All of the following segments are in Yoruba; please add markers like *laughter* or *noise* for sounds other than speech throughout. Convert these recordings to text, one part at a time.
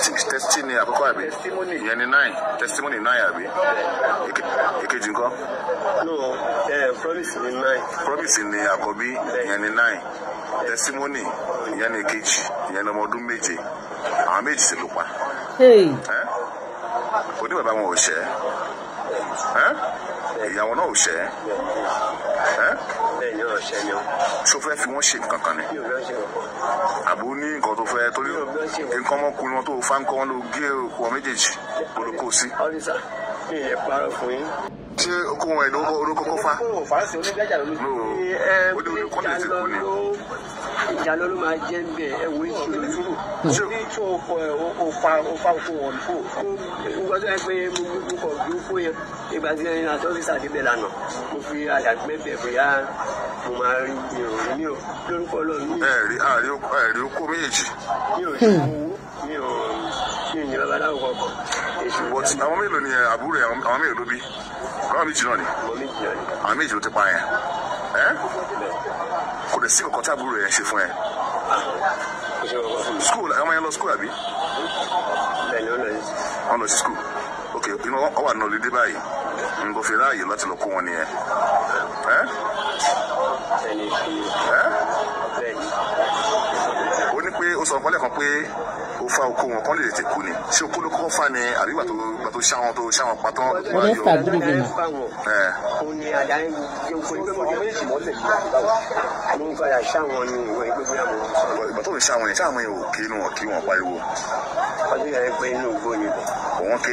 testimony àkọ́kọ́ àbí ìyẹn ni nine testimony nine àbí èkejì ńkọ́. no eh, promise ni nine. promise ni àkọ́bí ìyẹn ni nine testimony ìyẹn ni èkejì ìyẹn ni ọmọ ọdún méje àwọn méjì sì ló pa. oní bàbá wọn ò ṣẹ́ ìyàwó náà ò ṣẹ́ so fẹ́ fi wọ́n ṣe nǹkan kan ni àbò ní nǹkan tó fẹ́ torí nǹkan ọmọkùnrin wọn tó fa nǹkan wọn ló gé òkú wọn méjèèjì olóko sí. ṣé okun wọn ìlú orúkọ kó fa. olùkọ́ ní ti kú ni. ìjà ló ló máa jẹ́ ń bẹ̀ ẹ̀wọ̀n ìṣòro so kọ ẹ o fa o fa ko wọn fo nǹkan tó yẹ pé mo mú kọ ju fo yẹ ìgbà tí ẹni náà sọ́ọ́sì sàdébẹ̀ lànà mo fi àyàgbẹ́ bẹ̀ bóyá mo máa rí ìròyìn mi ò lórúkọ lọ́ọ̀mí. ẹ̀rí àrí ẹ̀rí okó méjèèjì. mi ò ṣe owó mi ò mi ò ní babaláwo kankan. but àwọn mélòó ni àbúrò àwọn mélòó ló bí àwọn méjì náà ni àwọn méjì ló ti pa yẹn kò dẹ̀ sí ọkọ̀ tábúrò yẹn ṣe fún ẹ school àwọn yẹn lọ school àbí. bẹ́ẹ̀ni ó lọ sí. wọn lọ sí school ok inú ọwà náà lè dé báyìí nǹkan fi ráàyè láti lọ kó wọn nìyẹn. ẹ ẹ ó sọ ọkọlẹ kan pé ó fa oko wọn kọ́ lè tètè kú ni ṣé oko ló kọ́ fa ni àbí ìgbà tó gbà tó ṣá wọn tó ṣá wọn patọ́. wọ́n yóò fà dúró bí wọn. ẹ. ó ní àdáyé oko ìgbẹ́ bọ̀ ọmọ èjì mọ́lẹ̀ ló ń padà ṣá wọn ni ìwọ ìgbẹ́ bóyá wọn. ìgbà tó ń ṣá wọn yẹn ṣá wọn yẹn ò kí inú wọn kí wọn pariwo. ọdún yàrá pé inú ògbó ni bẹ̀. òun ké.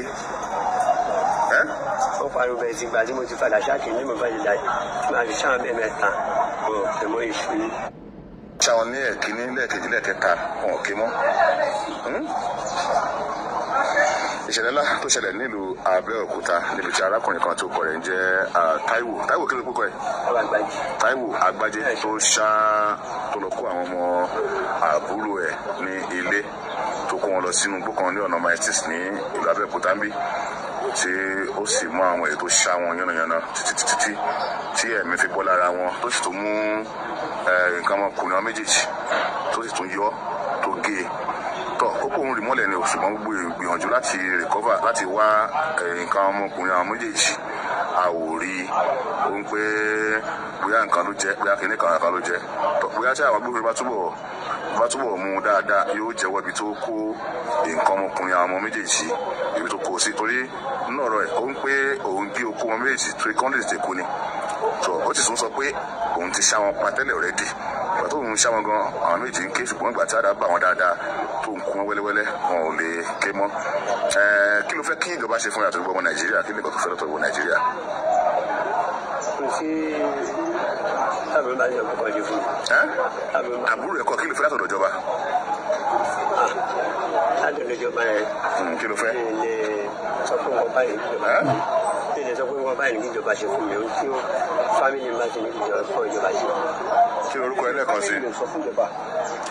ó pariwo bẹ́ẹ̀ ti gbà tí mo ti padà ṣáàkì ní mo fẹ́ táwọn ní ẹ̀kíní lẹ́ẹ̀kejì lẹ́ẹ̀kẹta wọn ò kí mọ́ hmm? ìṣẹ̀lẹ̀ ńlá tó ṣẹlẹ̀ nílùú Abẹ́òkúta níbi tí arákùnrin kan tó kọ rẹ̀ ń jẹ́ Táíwò Táíwò kí ló kókọ ẹ̀ Táíwò Agbájé tó ṣá tó lọ kó àwọn ọmọ àbúrò ẹ̀ ní ilé tó kó wọn lọ sínú igbó kan ní ọ̀nà maitis ní ìlú Abẹ́òkúta ń bí tí ó sì mú àwọn èyí tó ṣá wọn yánnayànna títí títí tí ẹ̀mí fi bọ́ lára wọn tó sì tó mú Eh, nǹkan ọmọkùnrin àwọn méjèèjì tó sì tún yọ tó gé e tọ kókó òun rì mọ́lẹ̀ ni o ṣùgbọ́n gbogbo ìgbìyànjú láti recover láti wá eh, nǹkan ọmọkùnrin àwọn méjèèjì àwòrí òun pé bóyá nǹkan ló jẹ bóyá kìnìún kan nǹkan ló jẹ tọ bóyá tí àwọn agbófinró bá túbọ̀ bá túbọ̀ mú un dáadáa yóò jẹ́wọ́ ibi tó kó nǹkan ọmọkùnrin àwọn ọmọ méjèèjì ibi tó kó sí torí nínú ọ̀rọ̀ ẹ̀ òun pé òun gbé okó ọmọ méjèèjì tó kọ́ńdé òun ti ṣá wọn pa tẹ́lẹ̀ ọ̀rẹ́dì ìgbà tó ń ṣá wọn gan àwọn méjì ń ké ṣùgbọ́n ìgbà tí àdá bá wọn dáadáa tó ń kú wọn wẹ́lẹ́wẹ́lẹ́ wọn ò lè ké mọ́ kí ló fẹ́ kí ìjọba ṣe fún ìyàtọ̀ gbogbo nàìjíríà kí nìkan tó fẹ́ lọ́tọ̀ gbogbo nàìjíríà. àbúrò ẹ̀kọ́ kí ló fẹ́ látọ̀dọ̀ ìjọba. Ah, látọ̀dọ̀ ìjọba yẹn. Hmm, kí ló fẹ́. ilé sọ fún ọ sọ pé wọn báyìí ní ìjọba ṣe fún mi ohun tí fámìlì máa ṣe ní ìjọba fún ìjọba ṣe. kí lorúkọ ẹ lẹ́ẹ̀kan sí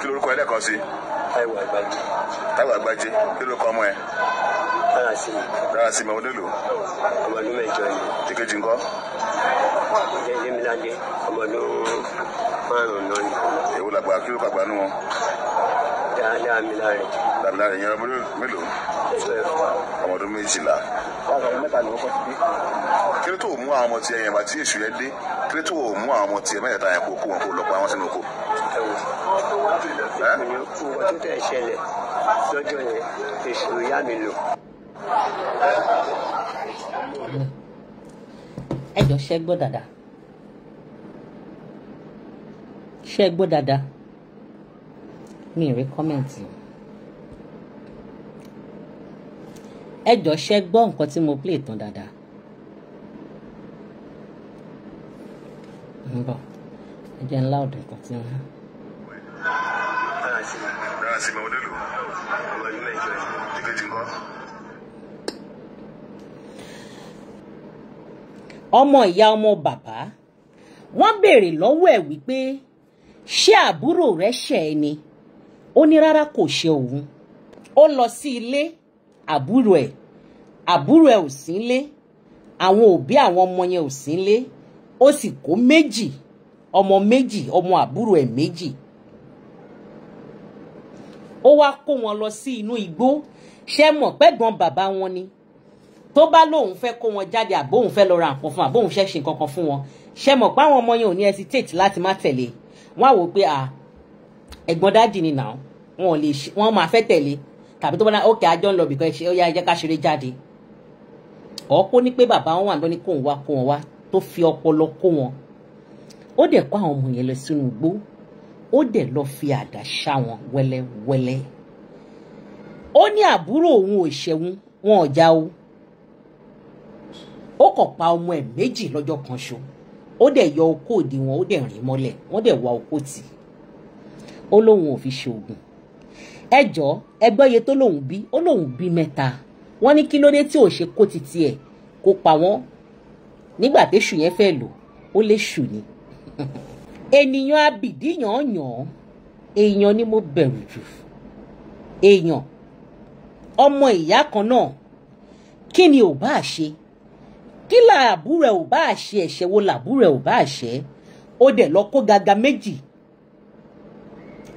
kí lorúkọ ẹ lẹ́ẹ̀kan sí. Táíwò Àgbájé. Táíwò Àgbájé kí lorúkọ ọmọ ẹ. rárá sí mi. rárá sí mi ọmọdé lò. ọmọdún mẹ́jọ ni. tíkejì ńkọ́. Yémiládé ọmọdún márùn-ún náà ni. èwo làgbà kí ló kàgbà nù wọn. dáadáa mi láre. dáadáa ìyẹn ọmọdún mélòó. ọmọdún méjìlá láàrin mẹ́ta ló kọ́ síbí. kí ló tó mú àwọn ọmọ tiẹ̀ yẹn bá tí èṣù yẹn dé kí ló tó mú àwọn ọmọ tiẹ̀ mẹ́tẹ̀ẹ̀ta yẹn kó kó wọn kó lọ pa wọn sínú oko. ìwọ ẹ jọ ṣẹ́ gbọ́ dáadáa ṣẹ́ gbọ́ dáadáa mi rí kọ́mẹ̀ntì yìí. ẹ jọ ṣe gbọ́ nǹkan tí mo play tán dáadáa. ń bọ̀ ẹ jẹ́ ńlá ọ̀dọ̀ nǹkan tí wọ́n. ọmọ ìyá ọmọ bàbá wọ́n béèrè lọ́wọ́ ẹ̀ wípé ṣé àbúrò rẹ̀ ṣẹ̀ ẹ́ ni ó ní rárá kò ṣe òun ó lọ sí ilé àbúrò ẹ̀ àbúrò ẹ̀ ò sí nlé àwọn òbí àwọn ọmọ yẹn ò sí nlé ó sì kó méjì ọmọ méjì ọmọ àbúrò ẹ̀ méjì ó wá kó wọn lọ sí inú igbó ṣe mọ̀ pẹ́gbọ́n bàbá wọn ni tó bá lóun fẹ́ kó wọn jáde àbóun fẹ́ lọ ra nǹkan fún àbóun fẹ́ ṣe nǹkan kan fún wọn ṣe mọ̀ pé àwọn ọmọ yẹn ò ní hesitate láti má tẹ̀lé wọn á wò pé à ẹ̀gbọ́n dáàdì ni nà wọn ò lè wọ́n máa fẹ́ tẹ̀lé tàbí tó bá dá ókè àjọ ń lọ bìkan ẹ ṣe ó yá ẹ ká ṣeré jáde ọ̀ kó ní pé bàbá wọn wà lọ ní kó wọn wá kó wọn wá tó fi ọpọlọ kó wọn ó dẹ̀ kó àwọn ọmọ yẹn lọ sínú igbó ó dẹ̀ lọ fi àdá ṣá wọn wẹ́lẹ́wẹ́lẹ́ ó ní àbúrò òun ò ṣẹ̀wọ̀n wọn ò o ó kàn pa ọmọ ẹ̀ méjì lọ́jọ́ kan ṣo ó dẹ̀ yọ okó òdi wọn ó dẹ̀ rìn mọ́lẹ̀ wọ́n dẹ̀ wá okó tì ó lóun ò fi ṣe ẹ jọ ẹgbẹ́ iye tó lóun bí ó lóun bí mẹ́ta wọ́n ní kí ló dé tí ò ṣe kó ti tiẹ̀ kó pa wọ́n nígbà téṣù yẹn fẹ́ lò ó lè ṣù ni. ènìyàn abìdí yànyàn èèyàn ni mo bẹ̀rù jù èèyàn ọmọ ìyá kan náà kí ni ò bá ṣe kí làbú rẹ̀ ò bá ṣe ẹ̀ṣẹ̀ wo làbú rẹ̀ ò bá ṣe ó dẹ̀ lọ kó gaga méjì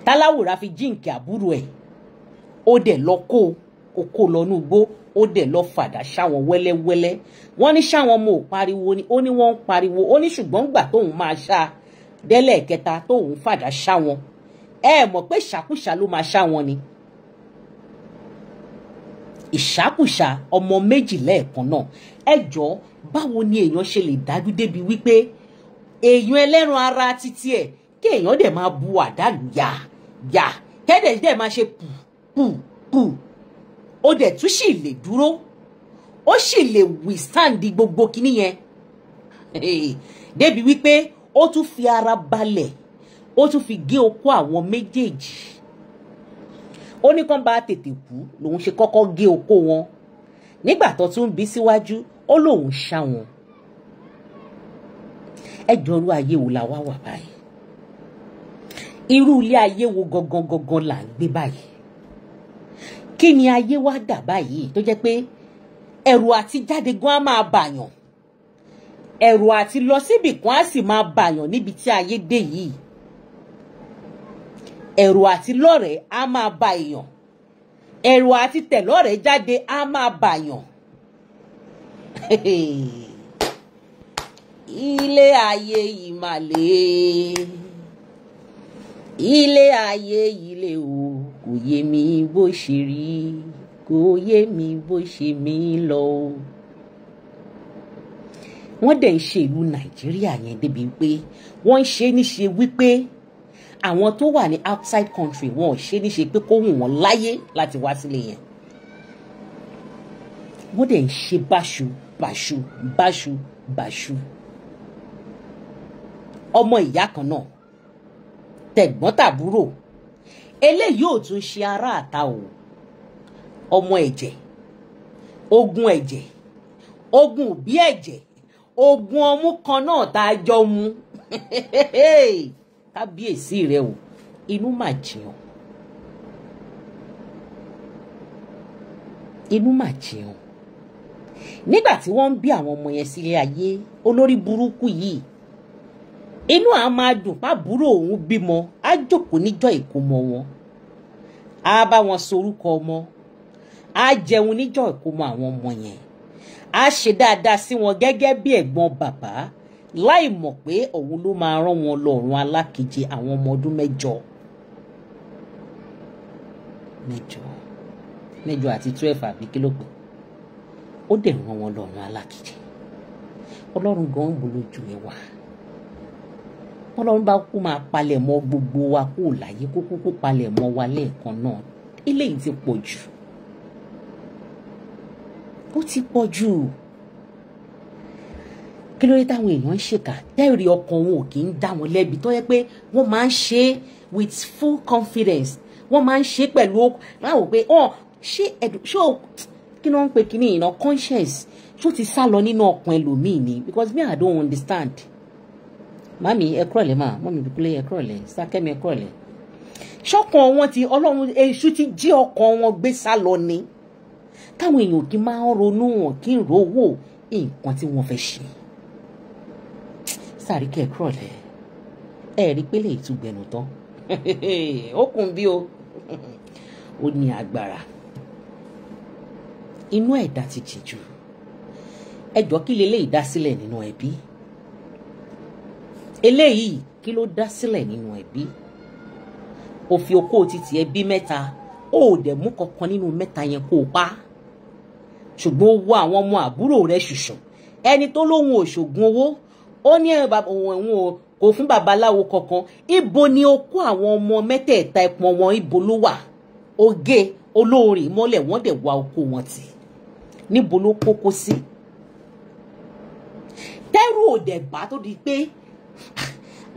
táláwòrán fi jíǹkì àbúrò ẹ̀ ó dẹ̀ lọ kó o ó kó lọ́nú igbó ó dẹ̀ lọ fàdà ṣáwọn wẹ́lẹ́wẹ́lẹ́ wọ́n ní ṣáwọn ọmọ ò pariwo ni ó ní wọ́n ń pariwo ó ní ṣùgbọ́n gbà tóun máa ṣá délẹ̀ kẹta tóun fàdà ṣáwọn ẹ mọ̀ pé ìṣàkùṣà ló máa ṣáwọn ni ìṣàkùṣà ọmọ méjì lẹ́ẹ̀kan náà ẹ jọ báwo ni èèyàn ṣe lè dájú débi wípé èèyàn ẹlẹ́ran ara títí ẹ̀ kí èèyàn dẹ̀ máa bu àdá yà yà kẹ́dẹ̀ máa ṣe pù pù pù ó dẹ̀ tún sì lè dúró ó sì lè withstand gbogbo kíní yẹn *laughs* débi wípé ó tún fi ara balẹ̀ ó tún fi gé okó àwọn méjèèjì ó ní kán bá tètè kú lòun ṣe kọ́kọ́ gé okó wọn nígbà tó tún bí síwájú ó lòun ṣá wọn ẹjọ́ irú ayé wo la wá wà báyìí irú ilé ayé wo gangan gangan là ń gbé báyìí kí ni ayé wá dà báyìí tó jẹ́ pé ẹ̀rù àti jáde gan á máa bàyàn ẹ̀rù àti lọ síbì kan á sì máa bàyàn níbi tí ayé dé yìí ẹ̀rù àti lọ́rẹ̀ẹ́ á máa bà èèyàn ẹ̀rù àti tẹ̀lọ́rẹ̀ẹ́ jáde á máa bàyàn *laughs* ilé ayé ìmàlè ilé ayé ilé o kò yé mi bó ṣe rí kò yé mi bó ṣe mí lọ o. wọ́n dẹ̀ ń ṣe ìlú nàìjíríà yẹn débi pé wọ́n ń ṣe níṣe wípé àwọn tó wà ní outside country wọn ò ṣe níṣe pé kó wù wọ́n láyé láti wá sílé yẹn. wọ́n dẹ̀ ń ṣe báṣu báṣu báṣu báṣu ọmọ ìyá kan náà tẹ̀gbọ́n-tàbúrò eléyìí ò tún ṣe aráàta o ọmọ ẹ̀jẹ̀ ogun ẹ̀jẹ̀ ogun òbí ẹ̀jẹ̀ ogun ọmú kan náà tá a jọ mu *laughs* kábíyèsí rẹ o inú mà jìyàn inú mà jìyàn nígbà tí wọ́n ń bí àwọn ọmọ yẹn sílé ayé olórí burúkú yìí inú àá máa dùn pàbúrò òun bímọ á jókòó níjọ́ ìkómọ wọn á bá wọn sorúkọ ọmọ á jẹun níjọ́ ìkómọ àwọn ọmọ yẹn á ṣe dáadáa sí wọn gẹ́gẹ́ bí ẹ̀gbọ́n bàbá láì mọ̀ pé òun ló máa rán wọn lọ́rùn alákeje àwọn ọmọ ọdún mẹ́jọ mẹ́jọ mẹ́jọ àti twelve àbí kí ó dẹ̀ rán wọn lọ́rùn alákeje ọlọ́run gan-an bolo ju ẹ ọlọ́run bá kú máa palẹ̀ mọ́ gbogbo wa kó láyé kó kúkú palẹ̀ mọ́ wa lẹ́ẹ̀kan náà eléyìí ti pọ̀ jù ó ti pọ̀ jù kí ló dé táwọn èèyàn ń ṣèkà tẹ́rì ọkàn wọn ò kì í dá wọn lẹ́bi tó yẹ pé wọ́n máa ń ṣe é with full confidence wọ́n máa ń ṣe é pẹ̀lú láwọn pé ọ ṣé ẹ̀dù ṣé o kí ni wọ́n ń pe kíní ìná conscience ṣó ti sá lọ nínú ọkàn ẹlòmíì ni because me I don't understand mami ẹ kúrọ̀lẹ́ mà mọ́mi ìbíkúlẹ̀ ẹ kúrọ̀lẹ́ sákẹ́mi ẹ kúrọ̀lẹ́ ṣọ́kàn wọn ti ọlọ́run èṣù ti jí ọkàn wọn gbé sá lọ ni táwọn èèyàn kì í máa ń ronú wọn kí n rówó nǹkan tí wọ́n fẹ́ ṣe sáré kẹ́ ẹ kúrọ̀lẹ́ ẹ rí pé lè tán *laughs* ó kùn bí o ó ní agbára inú ẹ̀dá ti jìn jù ẹjọ́ kí lélẹ́yìí dá sílẹ̀ nínú ẹbí. E eléyìí kí ló dá sílẹ̀ nínú ẹbí o fi okó títí ẹbí mẹ́ta o ò dẹ̀ mú kankan nínú mẹ́ta yẹn kó o pa ṣùgbọ́n o wo àwọn ọmọ àbúrò rẹ ṣùṣùn ẹni tó lóun ò ṣògùn owó ó ní òun kò fún babaláwo kankan ibo ni o kó àwọn ọmọ mẹ́tẹ̀ẹ̀ta ẹ̀pọ̀n wọn ibo ló wà oge olórin mọ́lẹ̀ wọ́n dẹ̀ wá oko wọn tì níbo ló kókó sí tẹ́rù ò tó di pé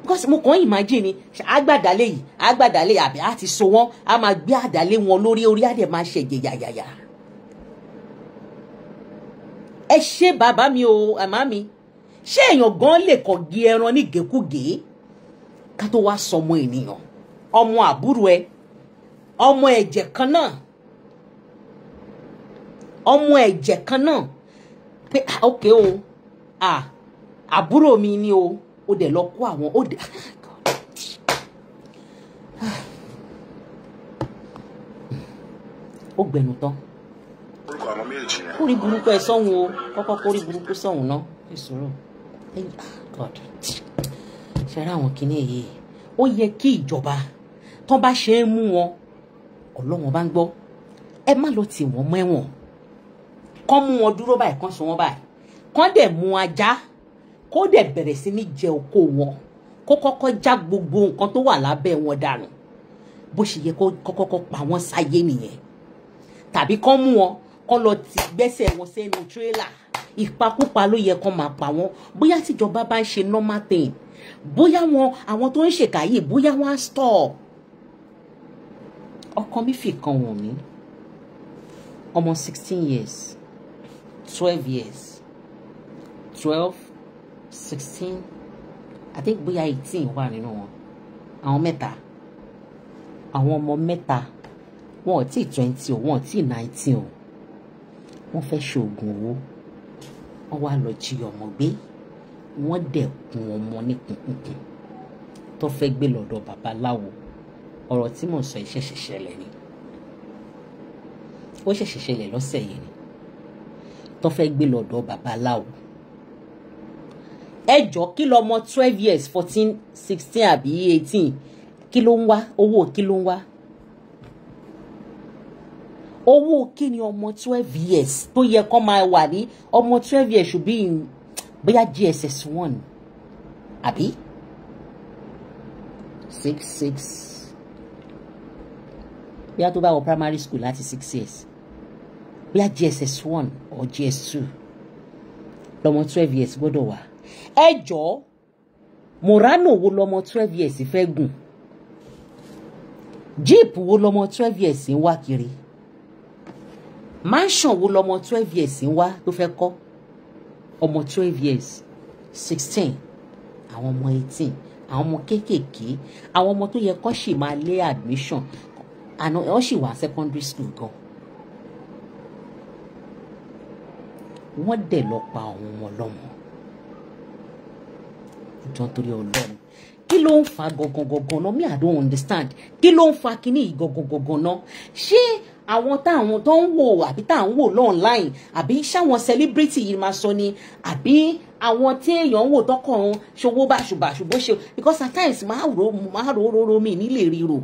because mo kàn imagine ni agbàdálẹ̀ yìí agbàdálẹ̀ àbí a ti so wọn a máa gbé àdálẹ̀ wọn lórí orí àdẹ̀ máa ṣẹ̀jẹ̀ yàyàyà ẹ ṣe bàbá mi o àmá mi ṣé èèyàn gan lè kọ́ gé ẹran ní gèkúgè ká tó wá sọmọ ènìyàn ọmọ àbúrò ẹ ọmọ ẹ̀jẹ̀ kan náà ọmọ ẹ̀jẹ̀ kan náà pé ah, ok o ah, àbúrò mi ni o. Ah, ó dẹ̀ lọ kó àwọn ó dẹ̀. ó *sighs* gbẹ̀nù tán. orúkọ àwọn méjì yẹn. kórìí burúkú ẹ sọ́hun o kọ́kọ́ kórìí burúkú sọ́hun náà ẹ sọ̀rọ̀ god ṣe ara àwọn kinní yìí ó yẹ kí ìjọba tán bá ṣe é mú wọn ọlọ́wọ́n bá ń gbọ́ ẹ má lọ tì wọ́n mọ́ ẹ̀wọ̀n kán mú wọn dúró báyìí kán sọ wọ́n báyìí kán dẹ̀ mú ajá kó dẹ̀ bẹ̀rẹ̀ sí ní jẹ oko wọn kó kọ́kọ́ já gbogbo nǹkan tó wà lábẹ́ wọn dànù bó ṣe yẹ kó kọ́kọ́ pa wọ́n sáyé nìyẹn tàbí kán mú wọn kán lọ ti gbẹ́sẹ̀ wọn sẹ́nu tírélà ìpakúpa ló yẹ kán máa pa wọ́n bóyá tíjọba bá ń ṣe normal thing bóyá wọn àwọn tó ń ṣèkà yìí bóyá wọn á stop ọkàn mi fi kan wọ̀n mí ọmọ sixteen years twelve years twelve sixteen I think bóyá eighteen wà nínú wọn àwọn mẹ́ta àwọn ọmọ mẹ́ta wọn ò tí ì twenty o wọn ò tí ì nineteen o wọ́n fẹ́ ṣoògùn owó wọ́n wá lọ jí ọmọ gbé wọ́n dẹ̀ kun ọmọ ní kùnkùnkùn tó fẹ́ gbé lọ́dọ̀ babaláwo ọ̀rọ̀ tí mò ń sọ iṣẹ́ ṣẹ̀ṣẹ̀lẹ̀ ni ó ṣẹ̀ṣẹ̀ ṣẹlẹ̀ lọ́sẹ̀ yìí ni tó fẹ́ gbé lọ́dọ̀ babaláwo ẹ jọ kí lọmọ twelve years fourteen sixteen àbí eighteen kí ló ń wá owó kí ló ń wá owó kí ni ọmọ twelve years tó yẹ kó máa wà ní ọmọ twelve years should be in bóyá GSS one àbí six six bóyá tó bá wọ primary school láti six years bóyá GSS one or GS two lọmọ twelve years gbọ́dọ̀ wà ẹ jọ̀ọ́ Morano wo lọmọ twelve years fẹ́ gùn jíìpù wo lọmọ twelve years ń wá kiri mansion wo lọmọ twelve years ń wá tó fẹ́ kọ́ ọmọ twelve years sixteen àwọn ọmọ eighteen àwọn ọmọ kéékèèké àwọn ọmọ tó yẹ kó sì máa lé admission àná ọ sì wá secondary school gan wọ́n dẹ̀ lọ pa àwọn ọmọ lọ́mọ jọ torí ọlọ́run kí ló ń fa gangan náà me i don't understand kí ló ń fa kinní yìí gangan gangan náà ṣé àwọn táwọn tó ń wò àbí táwọn wò lọ́ọ̀nláìn àbí ṣáwọn celebrity yìí máa sọ ni àbí àwọn tí èèyàn ń wò tọkàn ṣòwò báṣubàṣu bó ṣe because at times máa rò máa rò rò rò mí nílè ríro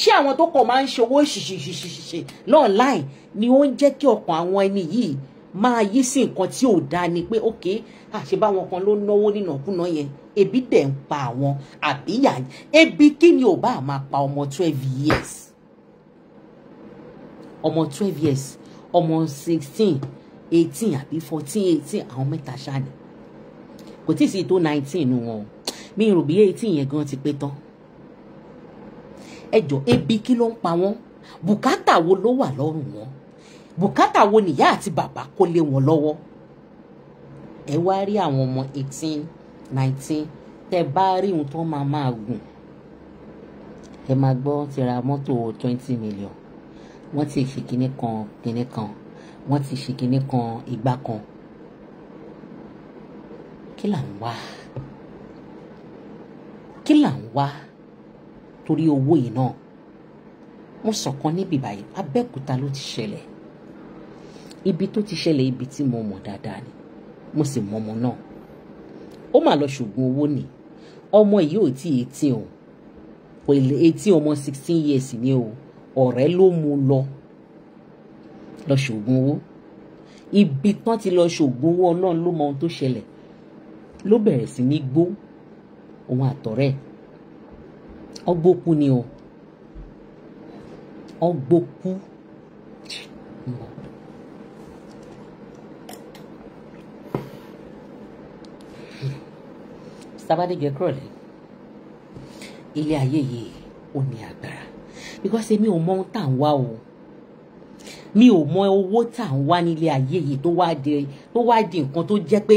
ṣé àwọn tó kọ̀ máa ń ṣòwò ṣìṣìṣìṣìṣì lọ́ọ̀nláìn ni ó ń jẹ́ kí ọkàn àwọn ẹni yìí máa yí sí nǹkan tí ò dáa ni pé ok àṣẹ báwọn kan ló náwó nínàkúnà yẹn ebi dẹ̀ ń pa àwọn àbíyá ebi kí ni ò bá máa pa ọmọ twelve years ọmọ twelve years ọmọ sixteen eighteen àbí fourteen eighteen àwọn mẹ́ta ṣáàlì kò tí ì sí tó nineteen nù wọn mi rò bí eighteen yẹn gan ti pé tán ẹjọ ebi kí ló ń pa wọn bùkátà wo ló wà lọ́rùn wọn bùkátà wo nìyá àti bàbá kó lé wọn lọ́wọ́ ẹ wá rí àwọn ọmọ eighteen nineteen tẹ bá rí ohun tó máa máa gùn ẹ máa gbọ́ ti ra mọ́tò twenty million wọ́n ti ṣe kinní kan kinní kan wọ́n ti ṣe kinní kan igba kan kí là ń wá kí là ń wá torí owó yìí náà mo sọ̀kan níbi báyìí Abẹ́òkúta ló ti ṣẹlẹ̀ ibi tó ti ṣẹlẹ̀ ibi tí mo mọ̀ dáadáa ni mo sì mọ ọmọ náà ó mà lọ ṣògùn owó ni ọmọ yìí ò tí eighteen o pẹ̀lú eighteen ọmọ sixteen years ni o ọ̀rẹ́ ló mú lọ lọ ṣògùn owó ibi tán ti lọ ṣògùn owó ọlọ́run ló mọ ohun tó ṣẹlẹ̀ ló bẹ̀rẹ̀ sí ní gbó òun àtọ̀rẹ́ ọgbó kú ni o ọgbó kú sábàdégbé kúrọ̀lẹ́ ilé ayé yìí ó ní agbára because èmi ò mọ ohun tá à ń wá o mi ò mọ owó tá à ń wá nílé ayé yìí tó wá di tó wá di nǹkan tó jẹ́ pé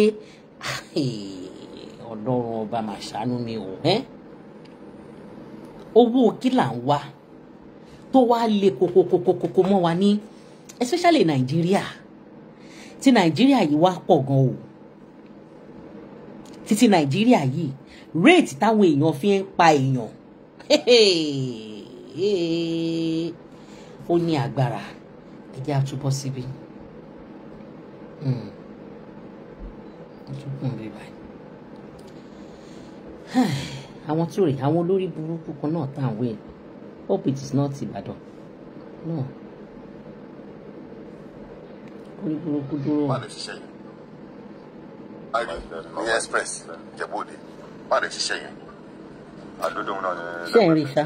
ọlọ́run ọba mà ṣàánú mi o owó kí là ń wá tó wá le kokokokokoko wa ní especially nàìjíríà tí nàìjíríà yìí wá pọ̀ gan o títí nàìjíríà yìí rate táwọn èèyàn fi ń pa èèyàn ó ní agbára ẹ jẹ́ àtúbọ̀ síbi. Hmm. àwọn tó rè àwọn olórí burúkú kan náà tá à ń wé hope it is not Ìbàdàn náà olórí burúkú dúró ní express jẹ́bọ̀dé má lè ṣiṣẹ́ yẹn. àdúdò náà ni. ṣé ń rí sá.